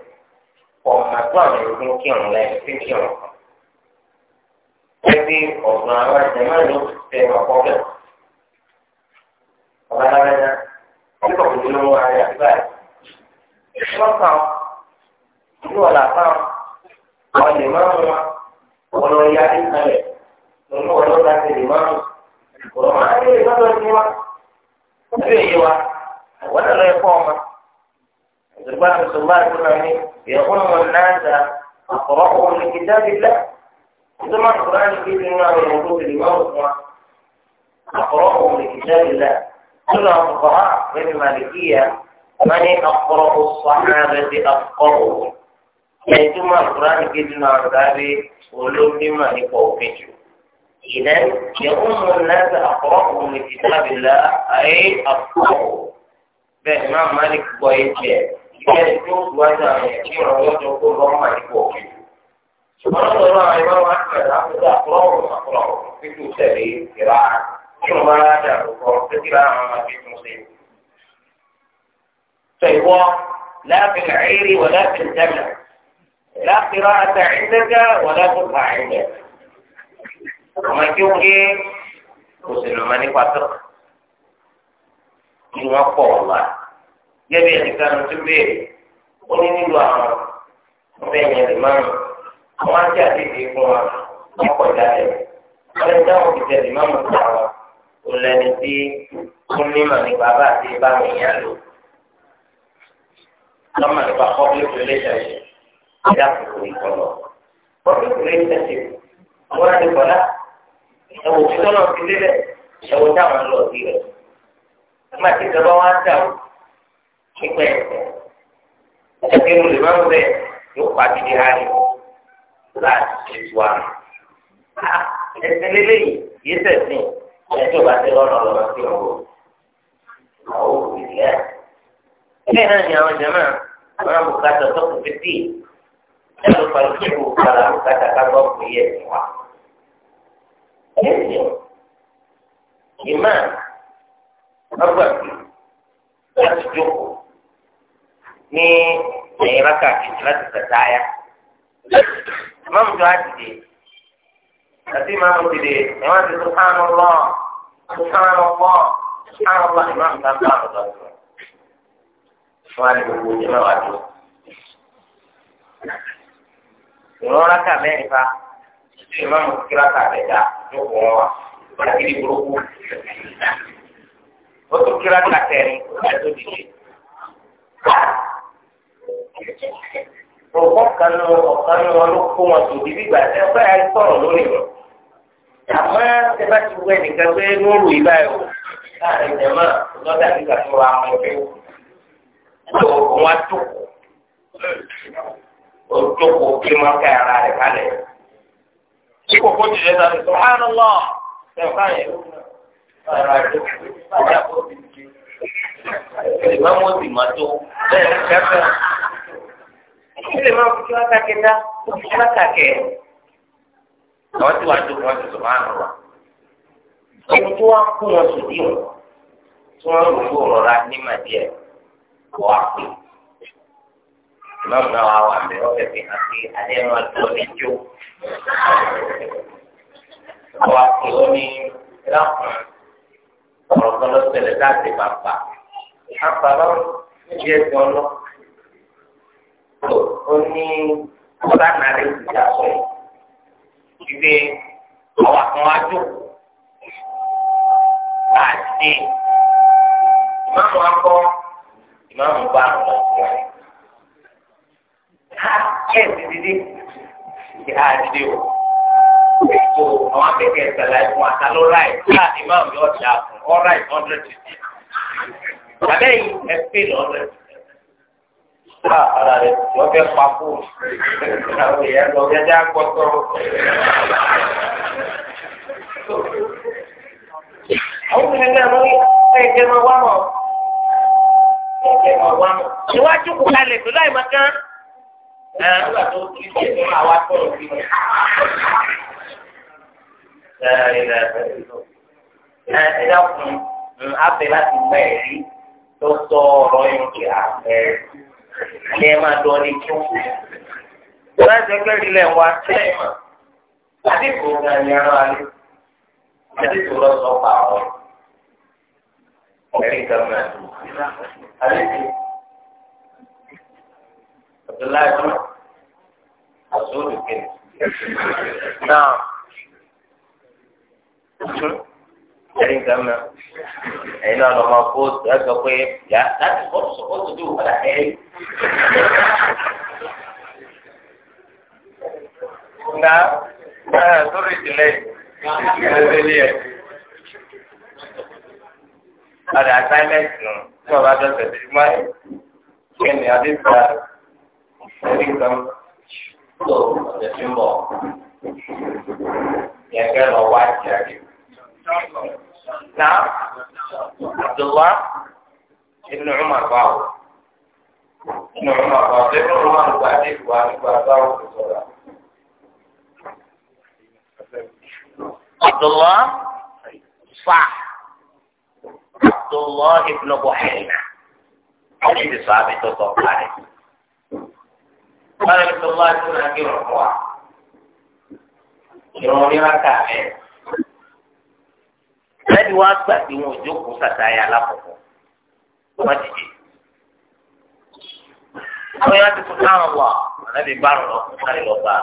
pọ̀ màtó àwọn ẹni tí ń kírun lẹ́yìn tí ń kírun kan. ẹbí ọ̀gbọ̀n àwọn àjẹmọ́ ló ti fẹ́ ọkọ bẹ́ẹ̀. ọ̀gá lábẹ́dá wọ́n kọ̀ fún lówó ara rẹ̀ báyìí. wọ́n kàn ní ọ̀là kan àwọn lè máa mú wa lọ ya ní kalẹ̀ lọ́nà ọ̀dọ́ láti lè máa mú. ọ̀rọ̀ máa ń lè lọ́dọ̀ ní wa. ó bẹ̀rẹ̀ wa. ولا لا يقوم الرباح صلى الله عليه وسلم يغم يعني الناس أقرأهم لكتاب الله ثم القرآن في الإمام الموجود الإمام أقرأهم لكتاب الله كل الفقهاء من المالكية من أقرأ الصحابة أفقههم يعني ثم القرآن في الإمام الثابت ولم يقوم إذا يؤم الناس أقرأهم لكتاب الله أي أفقههم bẹ́ẹ̀ ni máa Malik gbọ́ etí ẹ̀ ìkẹ́ni tó wá sí àwọn ẹ̀kí ìrànwọ́ tó kó máa lọ́mọ ìkó òkè. ṣùgbọ́n lọ́ àwọn ìwà wa ti rẹ̀ àkójọ àkọlọ́wọ̀ àkọlọ́wọ̀ fífi tẹ̀lé ìrà kí wọ́n máa rà dà lóko títí rà àwọn ọmọ fi tún sí. sọ ìwọ láàfin àìrí wọ láàfin tẹ́lẹ̀ láàfin rà àtà ìdẹ́gà wọ láàfin pààyàn. ọmọ ìkéwòye kò sì lọ́mọ nípa tó. ni wọ́n pọ̀ ọ̀la gẹ́gẹ́ bí ẹnìkan tó béèrè ó ní nílò àwọn ọmọ ẹ̀yìn rẹ̀ máa ń àwọn àti àdéhùn fún wa wọ́n pọ̀ jáde wọ́n lè dáhùn ìjẹ́ rẹ̀ máa ń mú àwọn olùlẹ́ni tí ó ní mà nípa bá àti bá mi yàn lò lọ́mọ nípa public relationship ẹ̀dá kòkò ìkọlọ public relationship àwọn àti kọ̀lá ẹ̀wò tí tọ́lọ̀ fi lélẹ̀ ẹ̀wò táwọn lọ sí rẹ̀ nígbà tí ìjọba wa ń dà ó pípẹ́ ẹgbẹ́ mo lè má mú bẹ́ẹ̀ yóò pa gidi ha ni láti ṣètò àná. ẹsẹ̀ lélẹ́yìí yé sẹ̀sìn ẹjọ́ bá tẹ lọ́nà lọ́nà sí ọ̀rọ̀ àwọn òbí ẹ̀. bẹ́ẹ̀ náà ni àwọn jẹ́mọ́ àwọn àbùkátà tó kù fífi ẹ̀ ló fa ìṣe ìbùkátà àbùkátà ká gbọ́ pé yẹ ẹ̀sìn wa. ẹ̀sìn ìmáà ọgbàgbé láti jókòó ní ẹ̀yìn rákà kejì láti tẹ̀sà ayá. Ìmáàmù tó á dìde àti ìmáàmù dìde ẹ̀wọ̀n ti sùkánù lọ sùkánù lọ sùkánù lọ ìmáàmù tó á bá àwọn ọ̀dọ́ sọ. Wọ́n á ní gbogbo ìjọba wa dùn. Ìwọ̀n rákà mẹ́rin fa ìmáàmù kíráka rẹ̀ dá lóko wọn wá. Wọ́n á kiri burúkú ó tún kíra kàtẹ́rin ẹ̀tọ́ dìde. Òkú kan nu ọ̀kan nu wọn ló kó wọn tó di bígbà tẹ́ pẹ́ ẹ sọ̀rọ̀ lórí wọn. Àmọ́ ṣe bá ti wẹ nìkan pé lóru yìí báyìí o. Láàrin ìjọba lọ́dà nígbà tó wà mọ́ pé ó òkú wọn tó kù. Ó kí wọ́n ká ara rẹ̀ kalẹ̀. Ṣé kòkó ti rẹ̀ sọ̀rọ̀ sọ̀rọ̀ Ṣé o ká yẹn? ọjà kó ti di ìmọ̀ mo sì mọ̀ tó bẹ́ẹ̀ ní kẹ́kẹ́. kí lè máa fi kí wọ́n kàkẹ́ dá kó fi wọ́n kàkẹ́. àwọn tí wàá tó wọn ti sọ̀rọ̀ àná wa. ẹni tí wọ́n kó wọn sùn dí wọn tí wọ́n rò ó rọra ní màdíẹ̀ kó wá pè. ìmọ̀ náà wà mí ọ̀fẹ́ fi hàn pé adé máa tó ní jó. wọ́n wá pè ó ní ẹlẹ́kùnrin ọ̀rọ̀ kan ló ṣẹlẹ̀ láti pàpà àpàlọ́ níbi ẹ̀sìn ọlọ́ tó ó ní ọ̀la nàárẹ̀ ìjà sọ ìgbé àwọn àkàn ájò àti ìmáàmù akọ ìmáàmù bá àwọn ọ̀sẹ̀ rẹ̀ ká ẹ̀ ti dídí ìhà àdìdí o ètò àwọn akẹ́kẹ́ ìṣẹ̀lẹ̀ ẹ̀fọn àtàlórà ẹ̀ ká ìmáàmù yóò ṣe àfún ọ̀rá ẹ̀ ọ̀dọ̀ títì. Bàbá yìí ẹ pè lọ́rẹ̀. Ṣá ara rẹ̀ lọ fẹ́ pa kú. Àwọn èèyàn lọ fẹ́ dá gbọ́tọ̀. Àwọn obìnrin náà lórí ẹ̀jẹ̀ máa wá máa wá mọ̀. Ìwájú kò kalẹ̀ pẹ̀lú àìmọ̀kan. Ẹ̀ ń gbà tó kí ṣe fún àwa tó ń bí ẹ dákun abẹ láti gbẹ ẹrí tó sọ ọ̀rọ̀ yìí kí àpẹ kí ẹ máa dán ní kí wọn. ìwà ìjọba ìrìlẹ̀ wa tẹ́lẹ̀ mọ̀ láti kó ga ní ara rẹ̀ láti tó lọ sọ pa ọ̀rọ̀ ẹ̀rí kan náà alẹ́ ti ọ̀dọ́láàdúrà àti olùkẹ́ni. náà ẹ̀rí nǹkan mọ́ ẹ̀yin náà lọ́mọ fóòtù ẹ̀ sọ pé yà láti fọ́ọ̀tù sọ́kọ́tù tó wọ́n ẹ̀rí. Nà sórí ìdílé ìdílé lé ẹ̀. Ọ̀dà assignment nù tí wọ́n bá dọ̀tẹ̀ sí mọ́ ẹ̀. Kí ni adé ta ẹ̀rí nǹkan tó ọ̀dẹ̀ fi ń bọ̀? Yẹn kẹ́ lọ wá ìjà kìí. نعم عبد الله ابن عمر باو ابن عمر باو ابن عمر بعدين وعن باو عبد الله صح عبد الله ابن بحيرة حديث صحابي تصور عليه قال عبد الله بن أبي رفوع يروني ما كان láti wá gbà pé wọn ò jókòó sàtáyà alákọ̀ọ́kọ́ wọn dìde. àwọn yàrá ti fún táwọn wà ànábì bá rọ̀ lọ́kùn sáré lọ́ba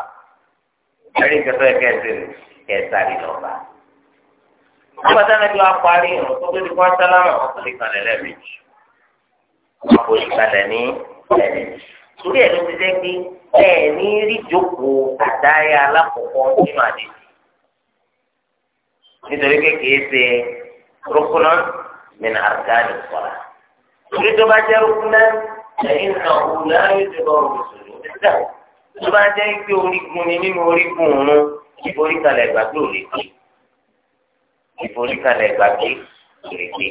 ẹ̀rí kẹtọ́ ẹ̀ kẹsì kẹ̀ sáré lọ́ba. nígbà tí ànábì parí ọ̀rọ̀ tó tó di fún asálámà wọn kò lè kalẹ̀ lẹ́ẹ̀mejì wọn kò lè kalẹ̀ ní ẹ̀ẹ́dẹ̀ẹ́dẹ̀. torí ẹ̀ ló ti dẹ́ pé ẹ̀ẹ́ ní rí jókòó sàtáyà alákọ̀ọ́kọ́ nínú àdéhùn nítorí pé kìí ṣe rúkúná mìíràn àrùkáàdì sọ̀rọ̀. torí tó bá jẹ́ rúkúná lẹ́yìn náà òun náà yóò ti bọ̀ ọ̀rùn sùn nígbà tó bá jẹ́ pé orígun ni nínú orígun òun ìforíkalẹ̀ ìgbàgbé ò lè gbé ìforíkalẹ̀ ìgbàgbé ò lè gbé.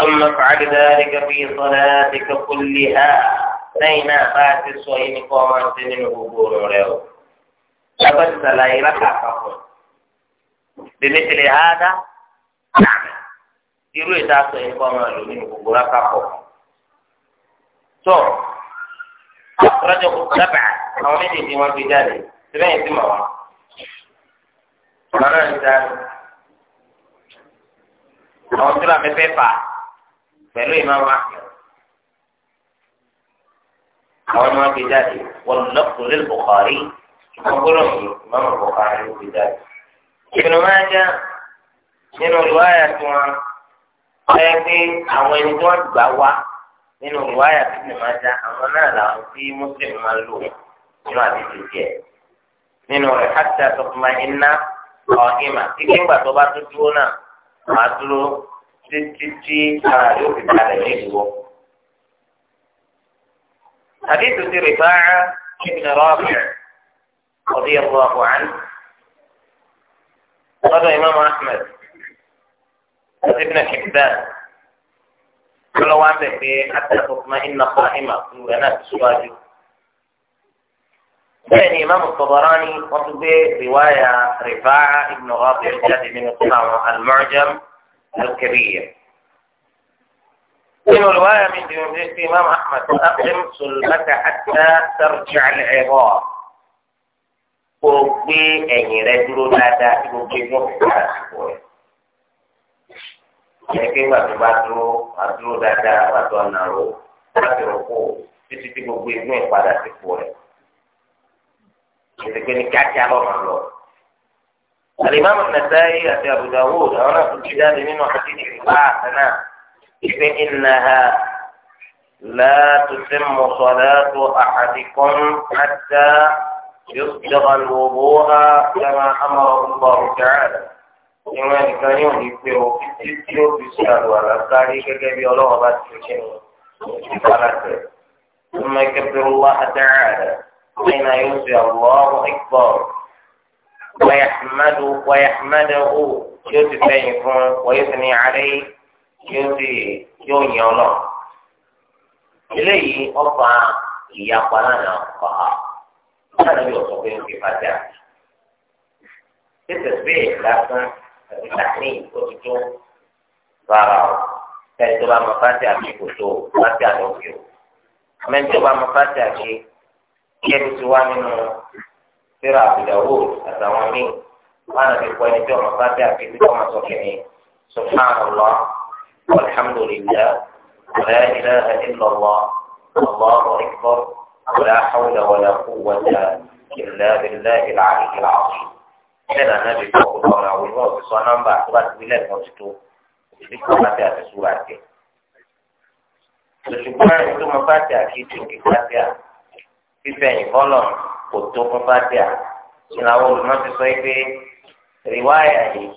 ثم افعل ذلك في صلاتك كلها lẹ́yìn náà bá a ti sọ yìí ní kọ́ máa ń ṣe nínú gbogbo ọ̀rọ̀ rẹ o. Lọ́gbọ́n ti sàlàyé rákà àpapọ̀. Bèbè tẹ̀lé ha dá. Irú ìta sọ yìí ní kọ́ máa lò nínú gbogbo rákà pọ̀. Tó rọ́jò kò dábàá àwọn méjèèjì wọn fi jáde síbẹ̀yìn sí màwá. Màmá náà ń ta àwọn tíra mẹ́fẹ́ fà pẹ̀lú ìmáwá àwọn ọmọ fi jáde wọn lọ́kùnrin lè Bukhari wọn gbọ́dọ̀ yìí mọ́mọ́ Bukhari ló fi jáde. Ibn Majah nínú ìwáyà tí wọn ọyẹ pé àwọn ẹni tí wọn gbà wá nínú ìwáyà tí Ibn Majah àwọn náà làwọn tí mùsùlùmí máa lò nínú àdìsí jẹ nínú rẹ̀ hatta tatma'inna qaima kíkẹ́ ńgbà tó bá tó dúró náà máa dúró títí tí ara yóò fi balẹ̀ ní ìdúró. حديث رفاعة ابن رافع رضي الله عنه قال إمام أحمد ابن حبان واحد في حتى تطمئن قائمة قلوبنا تسواجه يعني إمام الطبراني قصد رواية رفاعة ابن رافع جاد من المعجم الكبير nínú olùwáyà من dìrò ní أحمد imam ahmed حتى ترجع hatta tarji al-iraq kó o gbé ẹ̀yìn rẹ dúró dáadáa kí o gbé bọ́ọ̀lù dáadáa sípò rẹ. ẹ̀kẹ́ gbà tó bá dúró wà dúró dáadáa wà tó ọ̀nà ro láti rò kó títí tí gbogbo egun ìpadà sípò rẹ. ìsèké ni kíákíá lọ́nà lọ. alimami Nasa'i àti Abu Dawud àwọn náà tún ti jáde nínú àti ìgbà àtẹnáà. فإنها لا تتم صلاة أحدكم حتى يصدر الوضوء كما أمره الله تعالى ثم يكبر الله تعالى حين يوسع الله أكبر ويحمده ويحمده يوسف ويثني عليه kí ó sì yóò yan lọ. eléyìí ọfà ìyapa lánàá kọ ha lánàá yóò sọ pé ó ti fàjà. tètè bẹ́ẹ̀ lásán àti tàní òtútù rárá o ẹni tó bá mọ fàjà mi kò tó fàjà lọ fi o. àmọ́ ẹni tó bá mọ fàjà mi kí ẹni tó wá nínú síra àbùdáwò àtàwọn míì wọn àti pọ̀ ẹni tó mọ fàjà mi kí wọ́n sọ kìíní subhanallah. والحمد لله ولا إله إلا الله الله أكبر ولا حول ولا قوة إلا بالله العلي العظيم كان نبي صلى الله عليه وسلم صنم بأخبار بلاد موجته في سورته ṣùgbọ́n ìtumọ̀ fàtíà kì í tòkè fàtíà fífẹ̀yìn fọlọ̀ kò tó fún ìlàwọ̀ olùmọ̀ ti sọ pé rìwáyà yìí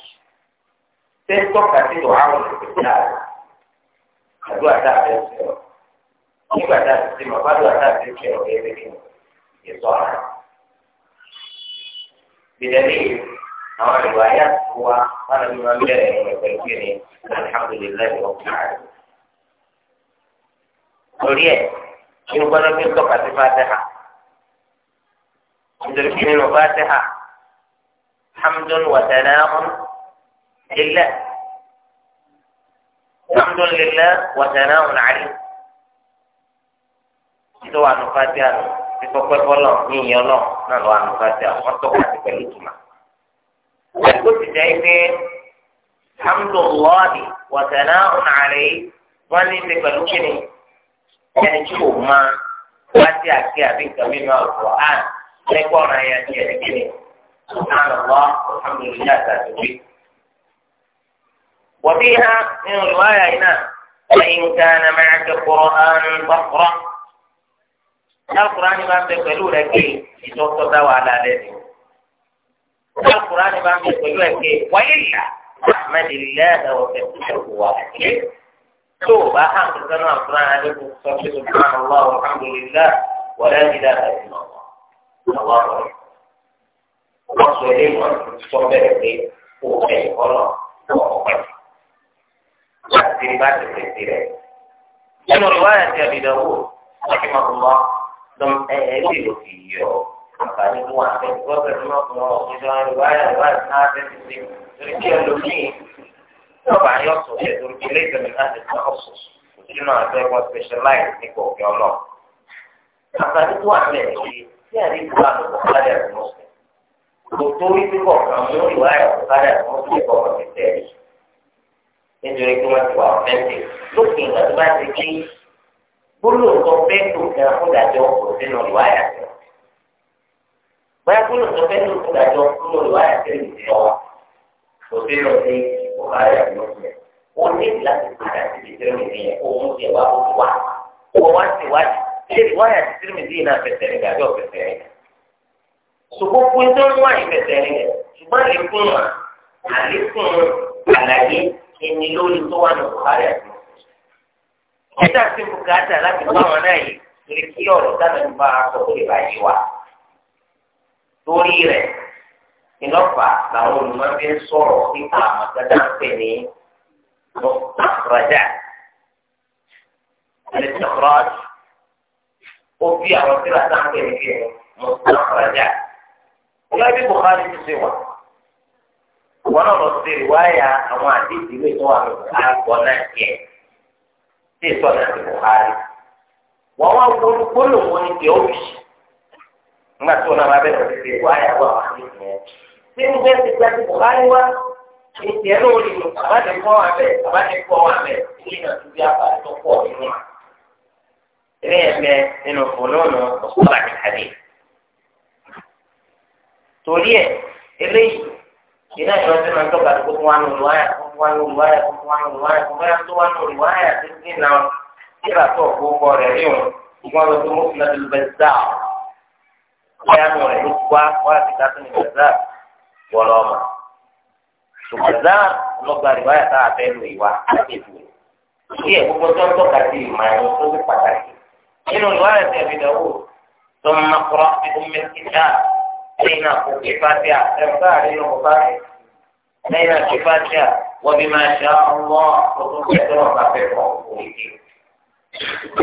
ṣé ń tọ́ka sí ìwà àwọn ìpínlẹ̀ rẹ̀ àdúrà tá a fẹ́ ṣe ọ́ nígbà tá a ti ṣe mọ̀ bá àdúrà tá a ti ṣe ọ́ ẹgbẹ́ kí ni ìsọ ara. Bìdẹ̀lì àwọn ìwà ayé àtúntò wa wọn lè máa bẹ̀rẹ̀ ìrìn pẹ̀lú kí ni alihamudulilayi wọn kà á. Lórí ẹ̀ inú gbọ́dọ̀ fi ń tọ́ka sí Fatiha. Nítorí kí nínú Fatiha, Hamdun wa Tanahun. لله حمد لله وثناء عليه tó wà nù fàtíà nù fífọpẹ́ fọlọ́ yíyan náà náà lọ́wọ́ nù fàtíà wọ́n tọ́ka sí pẹ̀lú ìtumà. ó ti jẹ́ pé hamdulilahi wàtẹ́nà ọ̀nàrẹ́ wọ́n ní ṣe pẹ̀lú kíni ẹni tí kò máa fàtíà kí àbí nǹkan mímu àwòrán àn lẹ́kọ̀ọ́ ọ̀nà yẹn ti ẹni kíni ọ̀nà lọ́wọ́ alhamdulilayi àti àtúnṣe. وفيها من رواية هنا فإن كان معك قرآن فاقرأ القرآن ما تقولوا لك يتوسط على ذلك القرآن ما تقولوا لك وإلا أحمد الله وكبره وأحمده توبة أحمد كما القرآن عليكم سبحان الله والحمد لله ولا إله إلا الله الله أكبر الله سبحانه وتعالى àti bá ti pèsè rẹ̀. nínú ìwà àti àbìdánwò wọ́n ti máa mọ lọ́m ẹ̀ẹ́dì ló fi yọ àǹfààní fún wa bẹ́ẹ̀ wọ́n fẹ́ẹ́ fún ọkùnrin ọ̀gbìn lọ́wọ́ ìwà ìwà náà fẹ́ẹ́ fi ṣe torí kí ẹlòmíì lọ́ba yọ sọ ẹ̀ torí kí lẹ́sẹ̀ mi láti sọ ọ̀sọ̀ nínú àgbẹ̀ wọn specialize nípa òkè ọlọ́ àǹfààní fún wa bẹ́ẹ̀ ṣe tí àdínkù àlùkò kálẹ̀ àti mọ̀ọ́sẹ̀ kò tó rí pípọ̀ kan mú ìwà ìwà kálẹ̀ àti mọ̀ọ́sẹ̀ kọ̀ọ̀kan ti tẹ̀lé nítorí pé wọ́n ti wà ọ̀fẹ́ǹtì lókè ìgbà tó bá ti dé gbólóòtọ́ bẹ́ẹ̀ tó gan fúdàjọ́ kò sínú ìwà àyàtọ̀ bóyá gbólóòtọ́ bẹ́ẹ̀ tó fúdàjọ́ sínú ìwà àyàtọ̀ ìjọ kò sínú sí ọ̀hà àyàtọ̀ ó ní láti padà sí ìtẹ́rù ìyẹn òun ti wá ó wá ó wá sí wájú ṣé ìwà àyàtọ̀ ìtẹ́rù ìdíyìn fẹsẹ̀ rìn gàdí ọ̀fẹsẹ̀ rìn ẹni lórí tó wà nínú buhari àti ẹ̀dá sí bùkátà láti bá wọn náà yìí lè kí ọ̀rọ̀ dáná ní bá aṣọ tó lè bá yé wa lórí rẹ̀ ìlọ́pàá làwọn olùmọ̀bí ń sọ̀rọ̀ nípa àmàgádá ń pè ní mọ̀tàkùrọ̀dà alẹ́tàkùrọ̀dà ó bí àwọn tíra sáńpẹ̀ ní kí mọ̀tàkùrọ̀dà ìlọ́bí buhari ti ṣe wà wọn náà lọ sí ìwáyà àwọn àdéhùn ìwé tó wà lóko àgbọ̀ náà tiẹ̀ sí ìtọ́nà ti Buhari wọn wá gbólóhùn ní tiẹ̀ òbí nígbà tí wọn náà bá bẹ̀rẹ̀ sí ìwáyà wọn àwọn àdéhùn yẹn tí mo bẹ́ẹ̀ ti gba ti Buhari wá ìtì ẹ̀rọ òní lò àbájá kọ́ wà bẹ́ẹ̀ àbájá kọ́ wà bẹ́ẹ̀ ilé náà ti bí abàlẹ̀ tó pọ̀ nínú wa ilé yẹn bẹ nínú fòlónù ọ̀sùn àti àdéhùn torí ẹ̀ eléyìí iná ìjọba tí wọn tọ́ka tó wà nù wáyà tó wà nù wáyà tó wà nù wáyà tó wáyà tó wà nù wáyà tó ti nà ó tí ìlà tó kó kọ rẹ̀ rí o ìgbọ́n lọ sí mọ́tò náà ló bẹ zá o wáyà nù rẹ̀ ló wá wáyà tó dáa tó ní bẹ zá wọlé ọmọ ṣùgbọ́n zá lọ́gbà rí tá a fẹ́ lu ìwà kí ẹ̀ gbogbo tó ń tọ́ka sí ìmọ̀ ẹ̀yìn tó ti pàtàkì nínú ìwà rẹ̀ tẹ̀ لينا كفاتها تنفع لنا مطاري لينا كفاتها وبما شاء الله وكم كثيرا ما في قوله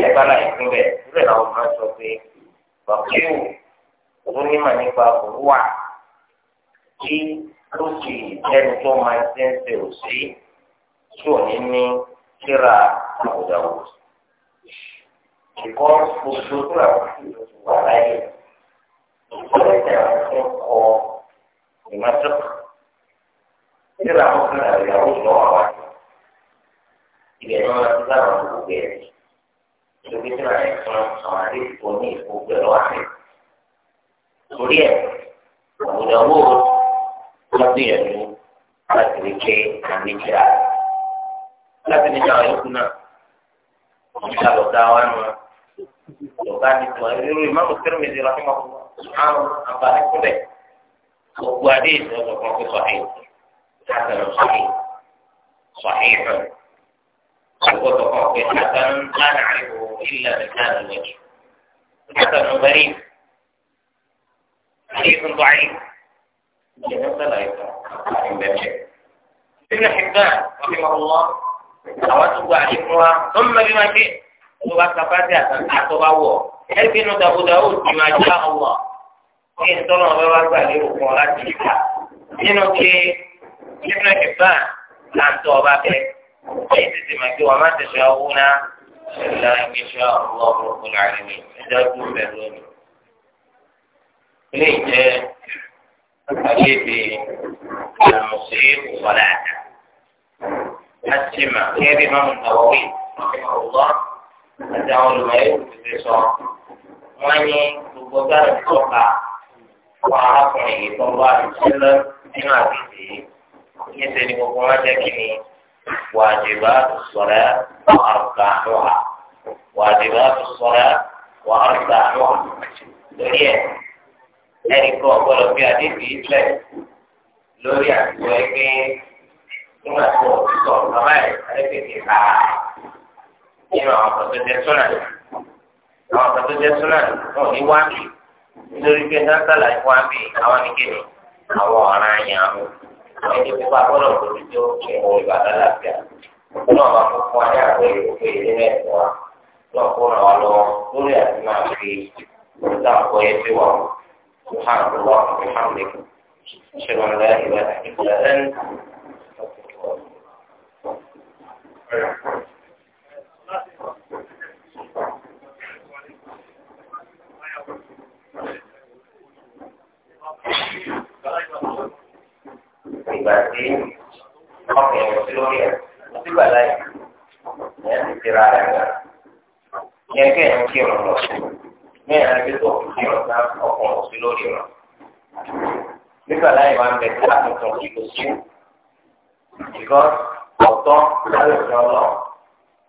ẹgbàlá ìpínlẹ̀ ìpínlẹ̀ làwọn máa sọ pé bàbáyò onímọ̀ nípa wà kí ó sì ẹni tó máa ṣe ń ṣe òsì tí ò ní ní kíra àwùjáwò. ìkọ́ gbogbo tó rà wọ́n ti wà láyé ìgbésẹ̀ àwọn tó kọ ìmọ̀tòkò nígbà àwọn kan náà yà wọ́n lọ́wọ́ wa ìgbẹ́ ni wọ́n ti bá àwọn gbogbo ẹ̀ lóbi tí wọ́n yẹ fún àwọn àdéhùn ní ìfowópamọ́ pẹ̀lú àmì torí ẹ̀ àwùjọ wo wọ́n gbìyànjú láti lè gbé àmì jà láti lè jà ọ̀yọ́kùn náà wọ́n ti lọ dá wa nù lọ́ba nítorí ìrírí ìmáàmù Tirmidhi rahimahullah. àrùn àǹfààní kúlẹ̀ gbogbo adé ìṣòro kan fi sọ̀hìn àtàlù sọ̀hìn sọ̀hìn hàn gbogbo kan fi àtàlù lánà àìbò ìlà ìlànà ìwẹ̀jù àtàlù bẹ́ẹ̀ حديث ضعيف جنازة لا يفهم ابن حبان رحمه الله أواتب عليكم ثم بما شئت وبكفاتها أتبعوه ẹbí nu dàbòdàwò ti máa já ọwọ́ kí n tọ́nà ọ̀rọ̀ wá gbà lérò kan láti ìta nínú kí nínú ìbá là ń tọ́ ọba bẹ́ẹ̀ ẹ̀yìn tètè máa gbé wọn má ti sọ owó náà ṣẹlẹ̀ ìgbésẹ̀ ọ̀rọ̀ ọ̀rọ̀ àrẹ̀mí ẹjọ́ tó bẹ̀ lónìí. ilé ìjẹ́ àgbègbè àmùsílẹ̀ ìwọlẹ̀ àdá láti máa kí ẹbí máa mú ọ̀wé ọ̀wọ́ àti àwọn olùmọ̀ ẹ̀yìn tó ti sọ wọ́n ní gbogbo sáré sọ̀ka fún arákùnrin yìí tó ń bá àdúgbò nínú àdúgbò yìí níṣẹ́ ni gbogbo wọn jẹ́ kí ni wàjibá sọ̀rẹ́ wà àrùkà àdúrà wàjibá sọ̀rẹ́ wà àrùkà àdúrà lórí ẹ̀ ẹnì kan ọ̀gbọ́dọ̀ fi àdébì yìí lórí àdúgbò ẹ nígbà tó sọ̀rọ̀ bàbá ẹ̀ àdébì kìí ká nínú àwọn ọ̀sẹ̀ tẹ̀ sọ́nà yìí àwọn kan tó jẹ́ súnà wọn ní wá bí nítorí pé nàkàlà ń wá bí àwọn nìkéde àwọn ọ̀ràn àyàn àwọn àwọn ẹni tó bá gbọ́dọ̀ lórí tó ìwọ ìbàdàn láti à náà máa fún fún ayé àgbẹ̀ òkè nínú ẹ̀sìn wa náà kó ràn wá lọ́wọ́ lórí àti máa fi òkúta ọkọ yẹn sí wa سبحانك اللهم وبحمدك أشهد أن لا إله إلا أنت Thank you. ìgbà tí ọkọ̀ ẹ̀wọ̀n sí lórí ẹ̀ sígbà láì ẹ̀ ti ti ra ẹ̀ gbà yẹn kẹ́ ẹ̀ ń kí ọ̀rọ̀ lọ sí ní ẹ̀ ẹ̀ tó kí ọ̀rọ̀ náà ọkọ̀ ẹ̀wọ̀n sí lórí rẹ̀ nígbà láì máa ń bẹ̀ tí a tuntun kì í lọ sí ìgbọ́ ọ̀tọ́ lálùfẹ́ ọlọ́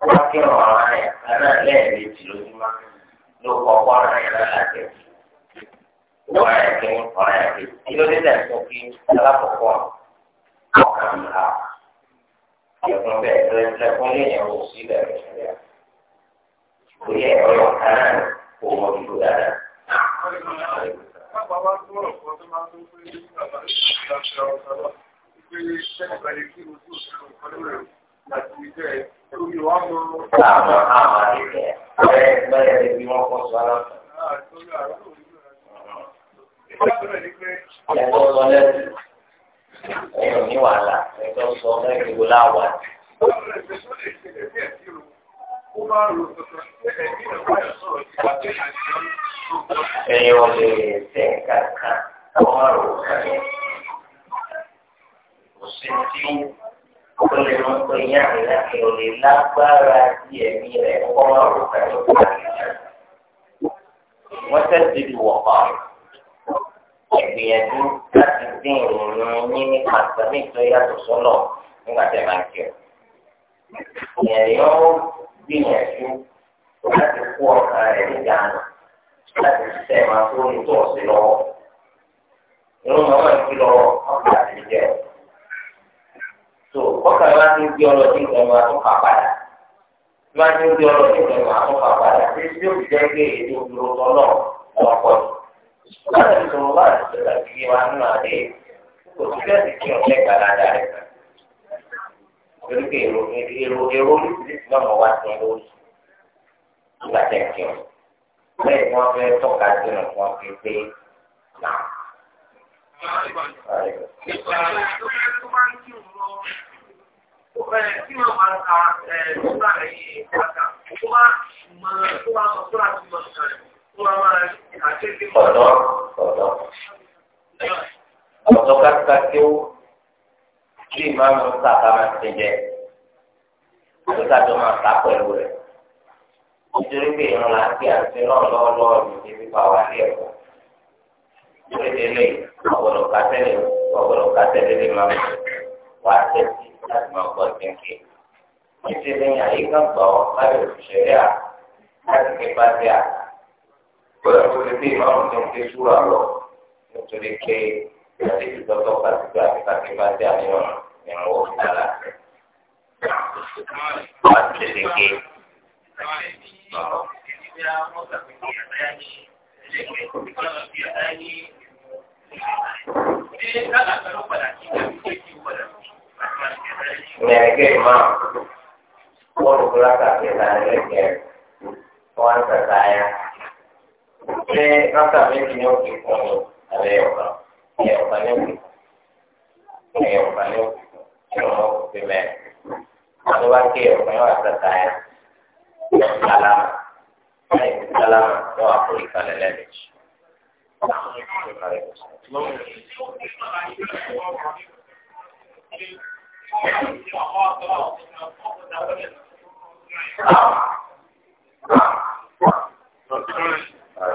wọ́n kí ọ̀rọ̀ ara ẹ̀ lánàá lẹ́ẹ̀mejì lójúmọ́ ló kọ́ ọ̀rọ̀ ẹ̀ lálàá tẹ̀sí. ọ̀rọ̀ ẹ̀ kí ọ̀rọ̀ ẹ̀ kí kí ló dé dẹ̀ fún kí alákọ̀ọ́kọ́ ọ̀kan mi ha ẹ̀kún bẹ́ẹ̀ lẹ́kún léèyàn ò sí lẹ́yìn ìṣẹ̀lẹ̀ ó yẹ ọ̀rọ̀ kan náà kò mọ ìlú dáadáa. Bàbá tó rọ̀ fún ọdún máa ń tó pé bàbá ìṣẹ̀lẹ̀ ṣe ọ̀sán lọ. Ìpele iṣẹ́ ìbàlẹ̀ kí ojú òṣèlú pẹ̀lú rẹ̀ láti ìjẹ́ omi wa mọ. Àwọn àwọn àlejò ẹ̀ bẹ́ẹ̀ bẹ́ẹ̀ ni wọ́n kọ́ sọ aláǹfà. ẹ̀tọ́ sọ lẹ́sìn ẹ̀yìn ní wàhálà ẹ̀tọ́ sọ mẹ́rin wo láwà. ẹ̀yin lè tẹ̀ kankan àwọn ọ̀rọ̀ kan yẹn. kò sí tí ó lè mú pé ìyá mi láti lè lágbára sí ẹ̀mí rẹ̀ kọ́ ọ̀rọ̀ kan yẹn. wọ́n tẹ̀sí ìwọ̀n pa ọ̀rọ̀ gbìyànjú láti dín ìròyìn yín ní pàtó ní ìtọ́ yàtọ̀ sọ́nà nígbà tẹ̀ máa ń kí ọ. èèyàn ó gbìyànjú láti kó ọ̀kan rẹ̀ níjà nù láti sẹ̀ máa tó ètò ọ̀sẹ̀ lọ́wọ́. irú màmá ìkí lọ́wọ́ ọ̀pọ̀ àti jẹ́ tó ọkàn máa ti gbé ọlọ́dún ìgbẹ́nu àtúnkà padà máa ti gbé ọlọ́dún ìgbẹ́nu àtúnkà padà tí tí ó Báyọ̀ ní sọ̀rọ̀ báyọ̀ sọ̀rọ̀ kí wá nínú àdé kò sí bẹ́ẹ̀ kí ọ̀lẹ́ gbàlá dáre kan. Torí pé èrò èrò èrò olùsílẹ̀sì náà wá sí ẹ̀rọ ìgbà tẹ̀ kí ọ. Bẹ́ẹ̀ ni wọ́n fẹ́ tọ́ka sí ọ̀nà fún ọ̀gbìn pé nà. Tí wọ́n máa ń ka ẹ̀ nígbà yìí, wọ́n máa ń mọ tó máa ń sọ fúnra sí ọ̀dọ́ ọ̀dọ́ ọ̀dọ́ kákàkí ó kí ìmáàmù kàkà máa ti jẹ àti kájọ máa ta pẹ̀lú rẹ̀ nítorí pé ìran là ń pè àti náà lọ́wọ́lọ́wọ́ ní ibi bá wà ní ẹ̀kọ́ nítorí délé ọ̀gbọ̀dọ̀ kátẹ́lẹ̀ ọ̀gbọ̀dọ̀ kátẹ́lẹ̀ lè máa wà tẹ́tí láti máa gbọ́ kéńké nítorí lẹ́yìn àyíká gbọ́ lábẹ́ òṣèré à láti ké bá à kódà tó lè bí ìmáàmù tó ń ké súra lọ nítorí pé àdéhùn tọ́tọ́ kàtìgbà kàtì bá dé àníyàn ìrànwọ́ òkúta láti lè ké. Nyɛnɛkɛ maa wɔn kura ka kɛ ka nyɛnɛkɛ wɔn ta taa ya ṣé rákà méjì ni ó fi kún ní alẹ́ ọ̀kan ní ọ̀kan ní òkè ní ọ̀kan ní òkè ní ọ̀kan òkè mẹ́rin àwọn bá ké ọ̀kan yóò àtàtà ẹ̀ ní sálámà ní sálámà ní wàá kó ìkàlẹ̀ lẹ́ẹ̀mejì. Thank you. Wọ́n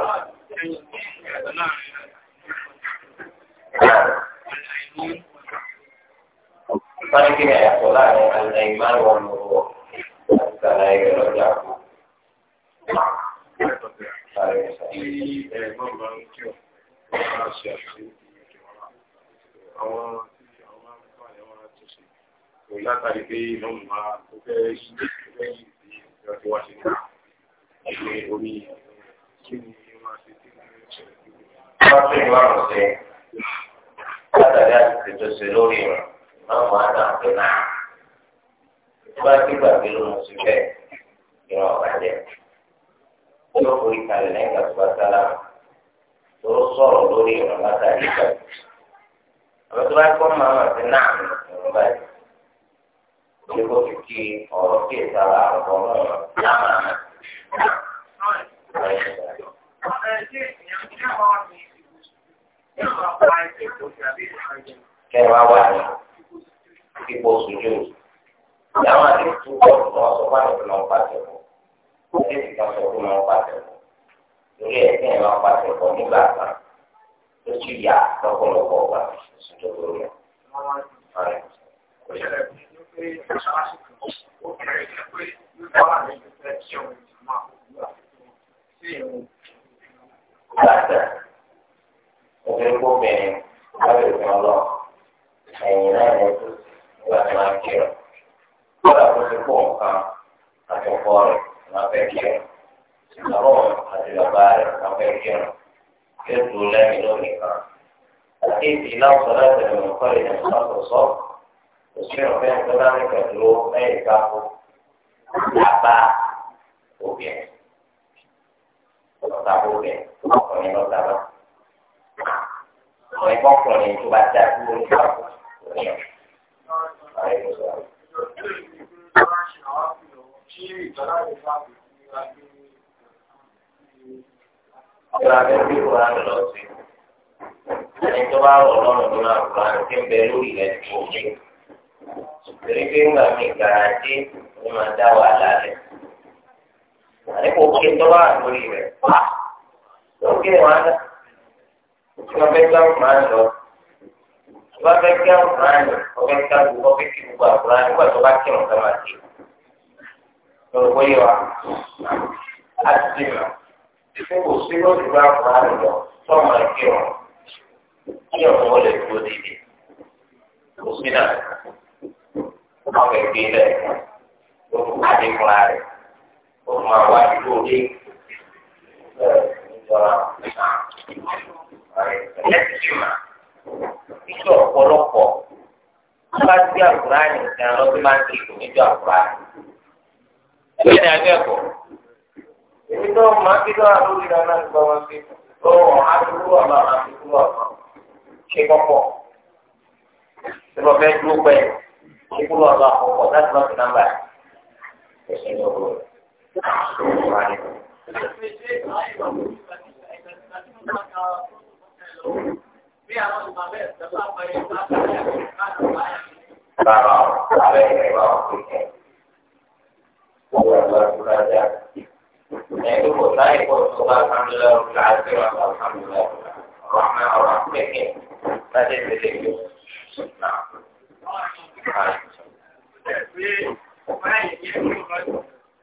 ní kí ni àyàtọ̀ láàrin àlẹ́ ìmáàlú ọmọ ọ̀rọ̀ àti àlàyé rẹ̀ lọ́jà kù. Ẹ̀gbọ́n bá ń kí ọ̀ máa ṣe àṣírí ìjọba. Àwọn tí àwọn akọ́ àyẹ̀wò àti ṣe kò látàrí pé lọ́mù máa ó fẹ́ yí ìjọba tí wọ́n ṣe ní orí ìjọba kí ni máa ṣe tí mo ń ṣe. wọ́n tún ìwà rẹ̀ ṣe látàrí àtìkè tó ṣe lórí rẹ̀ náà wọ́n á dà pé náà bá kígbà pé ló mọ̀ sí bẹ́ẹ̀ ìwọ̀n ọ̀bàjẹ́ yóò forí kalẹ̀ lẹ́yìn àtúbà sálá tó sọ̀rọ̀ lórí rẹ̀ látàrí ìgbà àwọn tó bá kọ́ máa wà sí náà ìwọ̀n báyìí kẹ́ni wá wà ní ipò sojú ìyáwó àti túbọ̀ lọ sọ fún àwọn ọ̀nà pàtẹ́kọ̀ ní ìgbà sọ fún àwọn pàtẹ́kọ̀ lórí ẹ̀ kẹ́ni wá pàtẹ́kọ̀ nígbà kan ló sì yà lọ́pọ̀lọpọ̀ wà sojú lórí ẹ̀. Thank you bàtà nítorí kó bẹ̀rẹ̀ lábẹ́ òfin ọlọ́ ẹ̀yìn náà ní oṣù nígbà tí wọ́n á kí ọ. Bọ́lá kò ti kó nǹkan àtọ̀kọ́ rẹ̀ wọ́n fẹ́ kí ọ. Àwọn àti bàbá rẹ̀ wọ́n fẹ́ kí ọ. Kí ó dùn lẹ́yìn lónìí kan. Àti ìdílé ọ̀sán láti rìn mọ́ kọ́lé ní tó sọ. Òṣèré ọ̀fẹ́ ń tọ́lá ní pẹ̀lú ẹ̀yìn káfó. Bàbá obìnrin sàbò rẹ̀ ọkùnrin lọ sàbà. Àwọn ẹ̀kọ́ ọkùnrin tó bá dá dúró ní àpò òníyàn. Ìjọba abẹ́ bí kò rà lọ sí. Ẹni tó bá rọ̀ lọ́rùn ló máa kọ́ àrùn tí ń bẹ lórí rẹ̀ tó gbé. Torí pé ńgbà mi gàràjé ló máa dá wàhálà rẹ̀. àní kò kí n tó wà lórí rẹ̀ wá ló kí wọn á tí wọn fẹ́ gbá kùnà lọ tí wọn fẹ́ gbá kùnà lọ wọn fẹ́ gbá gbogbo wọn fẹ́ kí gbogbo àkùnà nígbà tó bá kí wọn kà máa kí lọ́wọ́ bóyá wa á ti dì mọ́ tí kò sí lórí gbá kùnà lọ tó máa kí wọn kí wọn wọ́n lè dúró dédé kò òun máa wá ìlú òde ìjọra ẹlẹ́tìmá níjọ ọ̀pọ̀lọpọ̀ tó bá gbé àkùránì ìdáná lọ́sí máa ń kí ìlú níjọ àkùránì. ẹgbẹ́ ni akẹ́kọ̀ọ́ èmi tó máa fi lọ́wọ́ lórí ìdáná nípa wọn sí ọ̀hún àdúgbò àbá àdúgbò àbá ṣe kọ́kọ́ ṣe lọ́ fẹ́ dúró pẹ́ ṣe kúrò àbá àkọ́kọ́ láti lọ́sí nàmbà ẹ̀ṣẹ̀ ní ọ̀gbọ́n rẹ̀. Rárá ààrẹ ìwà òkùnkùn. Ọwọ́ ẹ̀gbọ́n tó rájà. Ẹ̀rú kò láì pọ̀ tó bá sáńdúlẹ̀ ọ̀gá àti ọ̀gá sáńdúlẹ̀ ọ̀rọ̀ àmọ́ ọ̀rọ̀ àpẹẹkẹ láti ìpínlẹ̀ Èkó. Náà. Báyìí. Báyìí yẹ́ kí ó bá jù.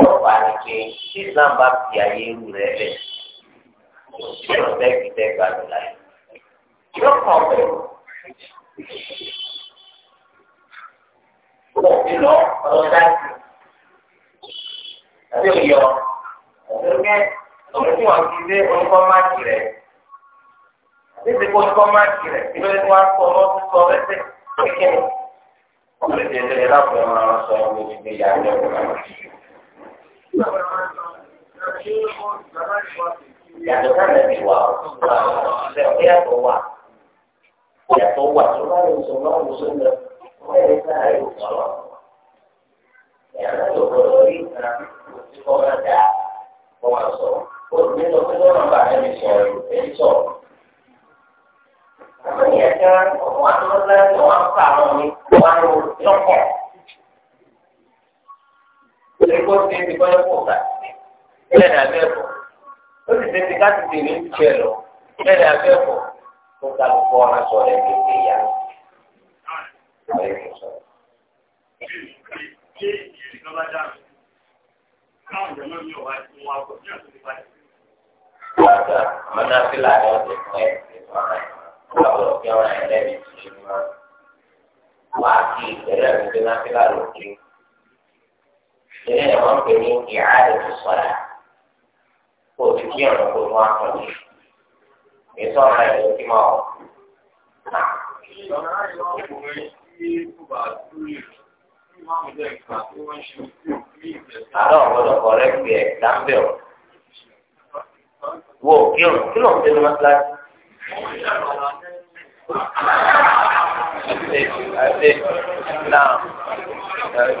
ọ̀pá ni pé tí islam bá fi ayé irú rẹ̀ lẹ̀ tí o fẹ́ fi fẹ́ gbàdúrà láyé yóò kàn bẹ̀ kò sí lọ ọ̀rọ̀ dájú àti òyọ ọ̀rọ̀kẹ́ òkú àti ilé orúkọ máàkì rẹ̀ títí kó orúkọ máàkì rẹ̀ kí ló dé wá sọ ọlọ́dún sọ lẹ́sẹ̀ kékeré. Ọ̀rẹ́dẹ̀ẹ́dẹ́ lápò ẹ̀ máa ń sọ ọ́ ní ìgbéyàwó ẹ̀ máa ń sọ yàtọ̀ sáà lẹ́bi wà ó lẹ́bi yàtọ̀ wà yàtọ̀ wà tó bá lè sọ lọ́wọ́ lọ́sọ lọ wọ́n lè sá àyè òkọ̀lọ́ yàtọ̀ tó gbọdọ̀ rí ìtàn tí wọ́n bá dà wọ́n wá sọ ó ní lọ pé lọ́nà bá ẹni sọ̀rọ̀ ẹni sọ̀rọ̀ àwọn yẹn kí wọ́n wá lọ́sọ̀rọ̀ wọ́n fà wọ́n ní wọ́n lọ lọ́kọ̀ọ́ kó ti ti kọ́ ẹ̀kọ́ gbà bẹ́ẹ̀ ni abẹ́ ẹ̀kọ́ ó sì ti ti ká ti ti rí ìtú ẹ̀ lọ bẹ́ẹ̀ ni abẹ́ ẹ̀kọ́ tó ká ló kọ́ rẹ̀ ní ìgbé ya. Wọ́n mọ̀nà fílà ni wọ́n ti fún ẹ̀ ní ọ̀rẹ́ wọ́n lọ fi ọ̀rẹ́ ẹlẹ́rìí sí i ní wọn. Wàá kí ìgbẹ́rẹ́ mi dé náà fílà lókè ilé ẹ̀ wọ́n pè ní ìhà ètò sọ̀rọ̀ kó o ti kí ọ̀nà kó o wá fún mi èyí tó ọ̀nà ìlú ti mọ̀ ọ́. Àlọ́ ọ̀gbọ́dọ̀ kọ̀ọ̀rẹ́ fi ẹ̀ dáńbẹ̀ ọ̀. Wo kí ló kí ló tẹnu máa láti? Àti àti náà.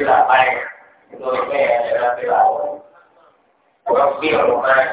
náà fi là báyìí ọ̀rọ̀ máa ń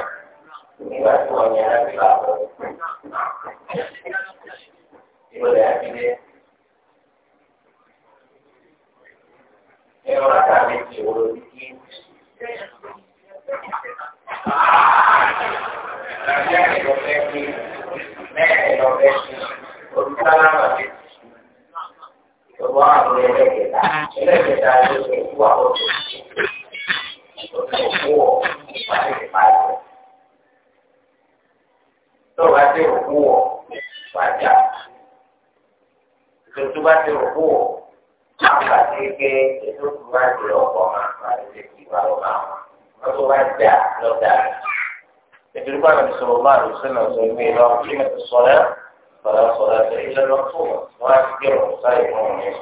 وسلم سيقول إذا أقيمت الصلاة فلا صلاة إلا المقصومة وأكثر مصائب مؤمن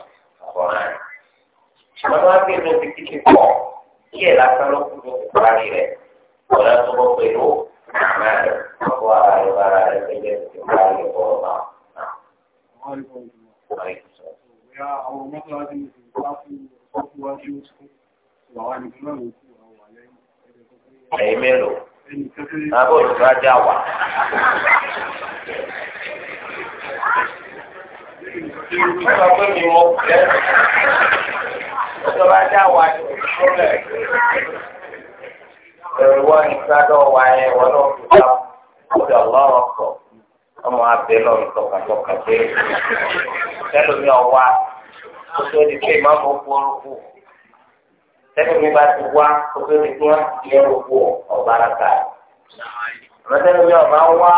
القرآن ṣùgbọ́n wá bí ẹnu ti kíkì pọ̀ kí ẹ̀ lásán ló kú ló kú parí rẹ̀ ọ̀la tó bọ́ pẹ̀lú àmà rẹ̀ ọkọ̀ ara rẹ̀ bára rẹ̀ tẹ́lẹ̀ ti parí rẹ̀ bọ̀ ọ̀la. Àwọn mọ́tòláṣí ni ìgbà fún ọ́fíwájú ọ̀sùn, ìwà wa nìkan náà ló kú àwọn àlẹ́ ẹ̀dẹ̀kọ́kọ́. Ẹ̀yin mélòó? Àbọ̀ olùdó ajá wà. pé tẹ́lómi ọ̀wá kó tó di pé má mọ̀ kú orúkú tẹ́lómi bá ti wá kó tó di pé wọ́n ti yẹ orúkú ọ̀bá ara ká yẹ. àmọ́ tẹ́lómi ọ̀bá wá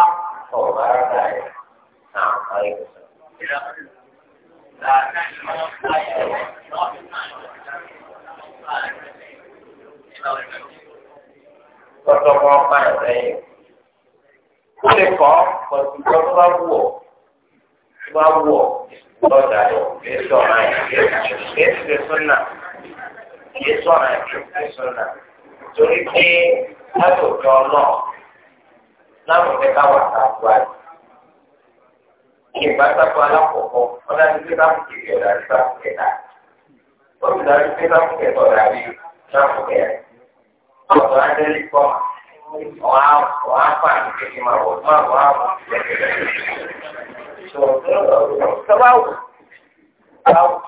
ọ̀bá ara ká yẹ. Kọ̀tọ̀ kan pa ẹ̀sẹ̀ yìí. Kó lè kọ́ pọ̀tùkọ́ tó bá wù ọ́ bá wọ̀ lọ́dà yọ kìí sọ̀rọ̀ ẹ̀ kìí ṣe súnà kìí sọ̀rọ̀ ẹ̀ kìí ṣe súnà torí pé látòkè náà láwùjọ káwà káàkó àyè ìgbà sáfù alákọ̀ọ́kọ́ ọ̀dà ti gbé sáfù kìí ọ̀dà ti sáfù kẹta ó ti dájú pé sáfù kẹta ọ̀dà ti sáfù kẹta ọ̀dọ̀ adẹ́lẹ̀ kọ́ ọ̀hán ọ̀hán fàánù kékeré máa wọ̀ máa wọ̀ áwọ̀. Ìjọba wù. Báwo o.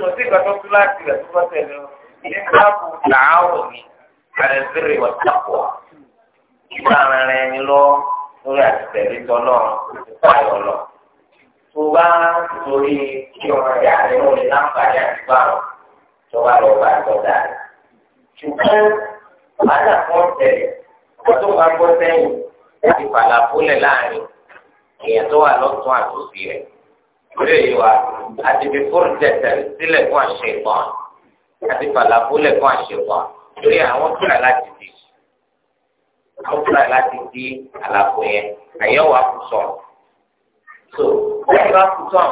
Mo ti gbàgbọ́ kíláàsì tó bá tẹ̀lé torí kí ọmọ ìyá rẹ̀ wọlé láǹfààní àti bá tọ́wá lọ bá tọ́jà rẹ̀. ṣùgbọ́n wàhálà kan tẹ̀lé wọ́n tó máa gbọ́ sẹ́yìn láti fàlàfólẹ̀ láàrin èèyàn tó wà lọ́tún àtòsí rẹ̀. lórí èyí wa àti fi fóònù tẹ̀tẹ̀ sílẹ̀ fún àṣẹ ìbọn àti fàlàfólẹ̀ fún àṣẹ ìbọn lórí àwọn kíra láti di àwọn kíra láti di àlàfo yẹn àyẹ̀wò àkùsọ̀. so lẹ́yìn bá kùsọ̀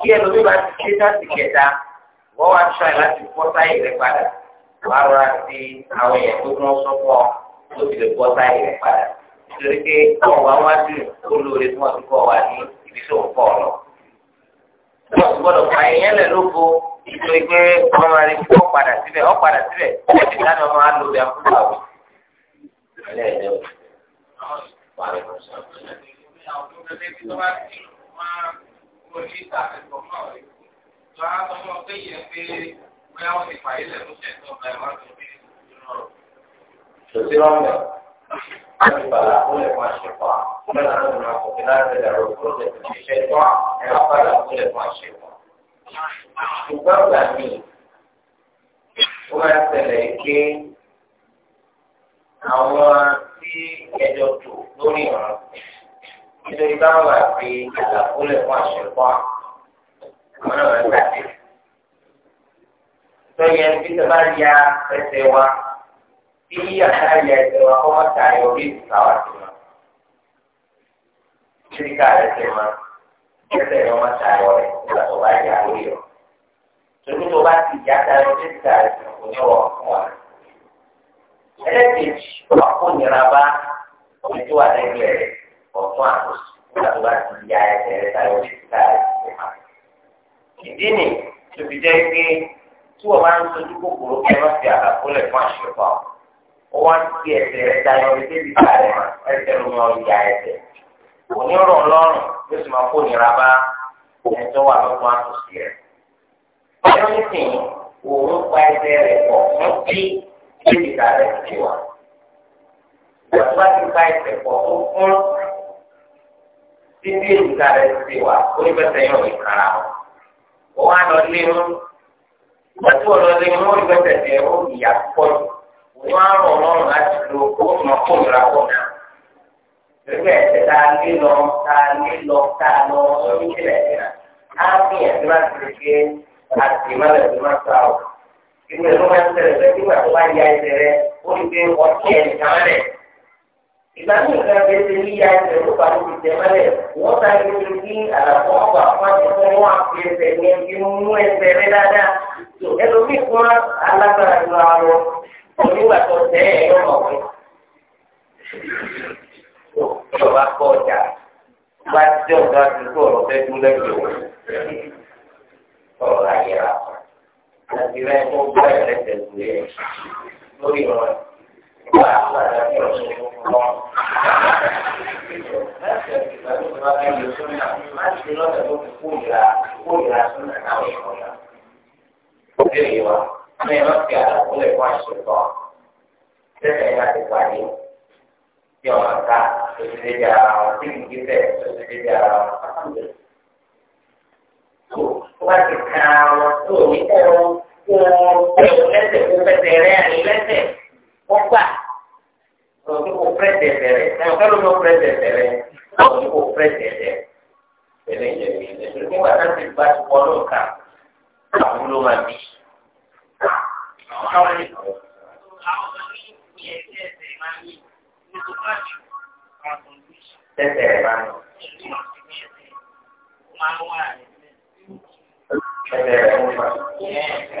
kí ẹlòmíì bá ti ṣe láti kẹta wọ́n wá tíráì láti bọ́ táyì rẹ̀ padà wọ́n á rọra sí àwọn èèyàn tó kún sọ fún ọ tó fi lè bọ́ táyì rẹ̀ padà nítorí pé àwọn wa wá dùn ó lóore tí wọ́n ti kọ́ wa ní ibi tó ń kọ́ ọ lọ. wọ́n ti gbọ́dọ̀ pa èèyàn lẹ̀ lóko nítorí pé wọ́n máa rí kó padà síbẹ̀ ọ́ padà síbẹ̀ wọ́n ti dáná máa lo bí akúta o. Wọ́n á kó ní ìta ẹ̀kọ́ máa rí tó a sọ fún ọ pé yẹ pé bóyá wọn ti pàyè lẹ fún ṣẹtọ ọgbà ẹwà tó fi nínú ọ̀rọ̀. tòsí lọ́mọ láti bàlá ó lè máa ṣe pa mẹ́ta ló máa kọ̀ fún láti ẹ̀rọ tó lè fi ṣe tọ́ ẹ̀rọ bàlá ó lè máa ṣe ṣùgbọ́n gbà mí ó máa tẹ̀lé ké àwọn tí ẹjọ́ tó lórí ọ̀rọ̀ nítorí báwọn àti àlàfo lè máa ṣe wọn náà máa gbàgbé tó yẹ kí tó bá ya ẹsẹ̀ wa tí yíyàtá ya ẹsẹ̀ wa kọ́ máa ta ayọ̀ bí ìsìnká wa ti mọ̀ ìsìnká rẹ̀ ti mọ̀ ẹsẹ̀ rẹ̀ máa ta ayọ̀ rẹ̀ nígbà tó bá ya lórí ọ̀ tòbí tó bá ti ya ta ayọ̀ bí ìsìnká rẹ̀ kò ní wọ̀ fún wa. ẹlẹ́kẹ̀jì wà kó nira bá ojú wa lẹ́gbẹ̀ẹ́ ọ̀tún àkóso nígbà tó bá ti ya ẹsẹ̀ rẹ̀ ta ayọ̀ bí ìsìnká rẹ̀ ti mọ̀ ìdí nì tó fi jẹ́ pé tí wọ́n bá ń sojú kòkòrò kí ẹ má fi àlàfo lẹ̀ fún àṣepọ̀ ó wá ń fi ẹsẹ̀ rẹ̀ dayọ̀ ní débi sàrẹ̀ mà ẹsẹ̀ ló máa ń ya ẹsẹ̀ onírọ̀ lọ́rùn ló sì máa kó nira bá ẹjọ́ wà lọ́kùn àtúnṣe rẹ̀. ọjọ́ nísìnyí òun pa ẹsẹ̀ rẹ̀ pọ̀ fún bí débi sàrẹ̀ ti wà. ìgbàgbọ́ bá ti pa ẹsẹ̀ pọ̀ tó fún títí èjìká rẹ̀ ti wà ó ní bẹ́sẹ̀ yóò ní kára wọn wọ́n á lọ lé wọn wọ́n tí wọ́n lọ lé wọn wọ́n gbẹ́sẹ̀ tẹ̀ wọ́n ìyá pọ̀ wọ́n á rọ̀ lọ́rùn láti lo owó náà kó nira pọ̀ náà lórí ẹ̀sẹ̀ tá a lé lọ tá a lé lọ tá a lọ lórí ìṣẹ̀lẹ̀ ìṣẹ̀lẹ̀ á fi ẹ̀sẹ̀ máa ti ṣe àti ìmọ̀lẹ̀ tó máa sọ àwọn ìgbésẹ̀ tó máa ń tẹ̀lé pẹ̀lú ìgbà tó bá ya ẹsẹ̀ rẹ ó ń gbé ọtí ẹ̀ ìgbà tí nǹkan ẹgbẹ́ ṣe ní ya ẹsẹ̀ ló bá lóbi tẹ̀ mọ́lẹ̀ wọ́n ta ẹgbẹ́ ní àlàfo ọgbà pàṣẹ fún wọn àti ẹsẹ̀ ní ẹbí mú ẹsẹ̀ rẹ dáadáa tó ẹlòmíì fún alágbára ju ara lọ onígbà tó tẹ̀ ẹ̀ yọ mọ̀ wẹ́. tó bá kọ ọjà bá tí ọ̀gá ti kú ọ̀rọ̀ fẹ́ dún lẹ́gbẹ̀ẹ́ wọn ọ̀rọ̀ ayẹra àti rẹ̀ kó gbọ́ Gracias ọgbà ọ̀rọ̀ pé kò fẹ́ tẹ̀tẹ̀ rẹ̀ ẹ̀rọ kẹ́lò ló fẹ́ tẹ̀tẹ̀ rẹ̀ ọ̀rọ̀ pé kò fẹ́ tẹ̀tẹ̀ pẹ̀lẹ́ ìjẹ̀bi ìjẹ̀bi nígbà tá ti gba ti pọ̀ lóǹkà àwọn ló máa bí. Tẹ̀tẹ̀ rẹ̀ máa ń lọ. Tẹ̀tẹ̀ máa ń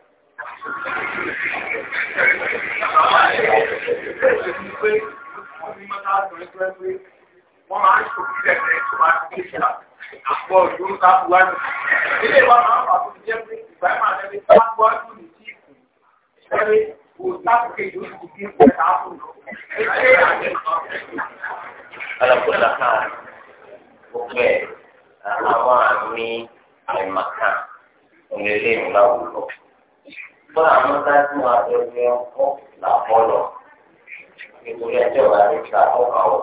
Wọ́n máa ń ṣòkí lẹ́sẹ̀ tó máa ń àwọn àmì àìmọ̀kan òun lè lè lọ fún àwọn sáájú àbẹ̀wò ọkọ̀ làbọ̀lọ̀ nítorí ẹjọ́ wa lè ta ọkà ọ̀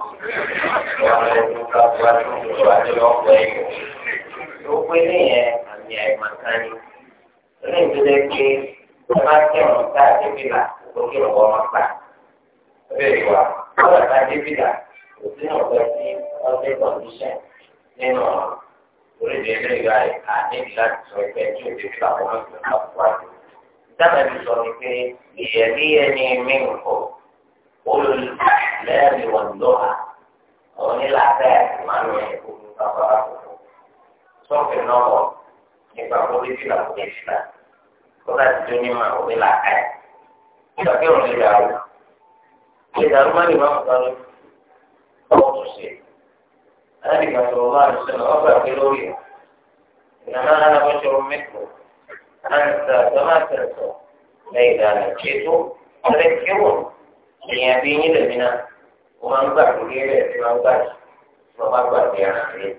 wọn lè tún ká wá tó ń lọ àdéhùn ọkọ̀ ẹ̀yìn tó pé níyẹn àmì àìmọ̀kánì lórí ìdílé pé wọ́n bá kẹ́rùn ká àdébìlà òkè ọ̀wọ́ wọn pa bẹ́ẹ̀ wá wọ́n bá àdébìlà òsì ọ̀gbẹ́ sí ọ̀gbẹ́ kọ̀ndíṣẹ̀ nínú orílẹ̀-èdè rẹ̀ àdébìlà ti sọ ìgbẹ́ tí òdìbìlà sábà ti sọ ni pé ìyẹ̀díyẹ̀ni mìíràn olùlẹ́ẹ̀mí wọn lọ́ha onílàfẹ́ ìmánú ẹ̀ olùkàbàrà kòkó sọ́ọ̀kì náà wọ̀ nípa pólítìlà pólítìlà kọ́lá ti tó ní màá onílàfẹ́ ìgbà kí òun lè dàrú lè dàrú má lè má kó dàrú ọwọ́ tó ṣe alábìgbà tó wà lọ́sẹ̀ náà ọgbà pé lórí ìgbà náà alábọ́sọ̀rọ̀ mẹ́kọ̀ọ́. أنت كما تنسوا فإذا نسيتم تذكرون ليبين لنا ومن بعد غير من بعد ومن بعد يعني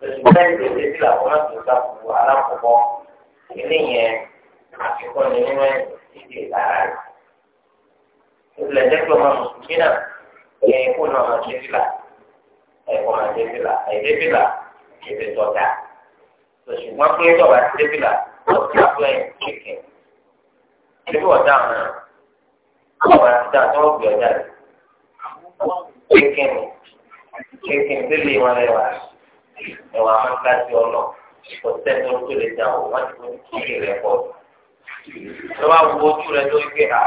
ṣùgbọ́n ìlú ìdílé àwọn àtúntà fún alákọ̀ọ́kọ́ ilé yẹn àfikún ni nínú ìdílé ìlara rẹ̀. ìpìlẹ̀ dẹ́gbẹ̀ ọmọ mùsùlùmí náà yẹ ikú náà máa ṣe fìlà ẹ̀kọ́ máa ṣe fìlà ẹ̀dẹ́ fìlà ètò ìtọ́jà. ṣùgbọ́n pé ìjọba ti dé fìlà ọ̀tí àbúrò ẹ̀ kéèké. Ṣébí ọ̀dà náà? Àwọn àtijọ́ àti wọ́n gbé ọjà rẹ̀. Kéèké ni. Kéèké ni tó lè wọn lẹ́wà. Ẹ̀wọ̀n àwọn kíláàsì ọlọ́. Ọ̀sẹ̀ tó ń tó lè jà wọ̀ wọ́n ti fún kíkì rẹ̀ pọ̀. Lọ́wọ́ àwọn ojú rẹ̀ tó ń gbé ha.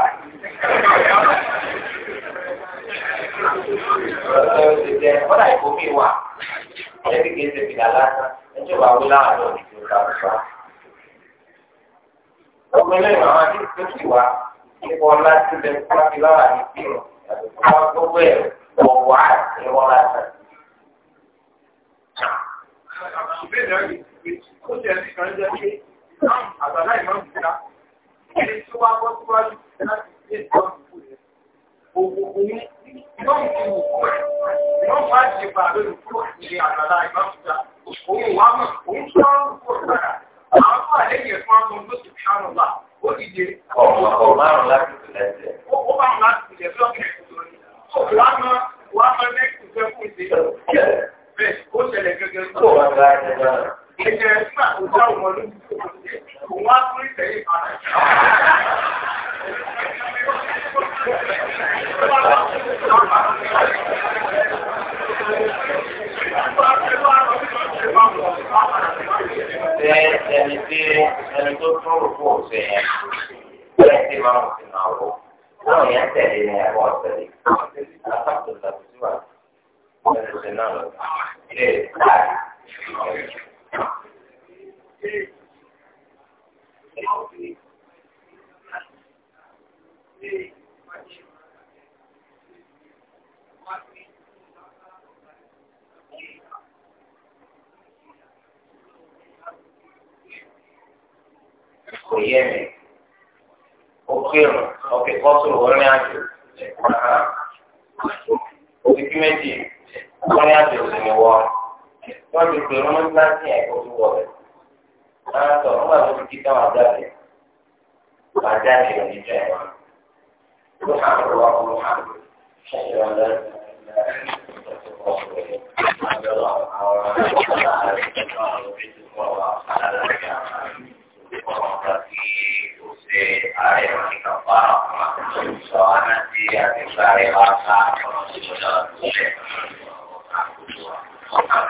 Ọ̀sẹ̀ ó ti jẹ́ ọ̀dà ìbomi wà. Ẹ̀rí kìí ṣe fìlà lásán. Ẹjọ́ bá wí láàárọ̀ ìjọba ọgbẹ lẹ́yìn àwọn àti ìtòsí wa nípa ọlá tí lè fún mi lára ní bírò àti wọn gbogbo ẹ wọ wá ní wọn láta. ìbéèrè rẹ̀ ó jẹ́ nìkan jẹ́ pé àtàlá ìmọ̀ nìkan ẹni tí wọ́n bọ́ síwájú láti ṣe ìtọ́jú òkùnkùn ní ìmọ̀ nìkan òkú ẹ̀ ìmọ̀ máa ń ṣe pàdé olùkúrò ní àtàlá ìmọ̀ nìkan òun wà mọ̀ òun tó ń kúrò lára àwọn ọmọ àlejò fún ọmọ ọdún tó ṣàrọ wà ó dìde. ọmọ ọmọ márùn láti tilẹ̀ tẹ̀. ó márùn láti tilẹ̀ fún ọkùnrin tuntun ni. wà á mọ wà á mọ mẹ́kì fẹ́ fún ìṣe. bẹ́ẹ̀ ó ṣẹlẹ̀ gẹ́gẹ́ tó. ó wà á ṣe náà. ẹ̀jẹ̀ nígbà tó dá òun ọdún tó kò sí òun á fún ìtẹ̀lé ìpàdé. Thank you. fẹ́ ẹni tí ẹni tó tún rúkú òsè yẹn bẹ́ẹ̀ tí máa ń fi máa wọ̀ náà yẹn tẹ̀lé ní ẹ̀kọ́ tẹ̀lé àpapọ̀ tàbí síwá ẹni tó náà lọ ilé ìtàgé. Thank you. kò yé mi òkèrò ọkẹ kọsùrù orin àjò òkìkí méjì orin àjò sì ni wọ wọn ti pè wọn nígbà tí ẹ kó tó wọlé wọn sọ nígbà tó ti kíkẹ́ wọn jáde wọn jáde lọ níjọ ẹ wọn ló hàn ló wà ló hàn ṣàyẹ̀wò ọ̀dọ́ Thank you. coloca que você aí fica para só na dia que vai lá para o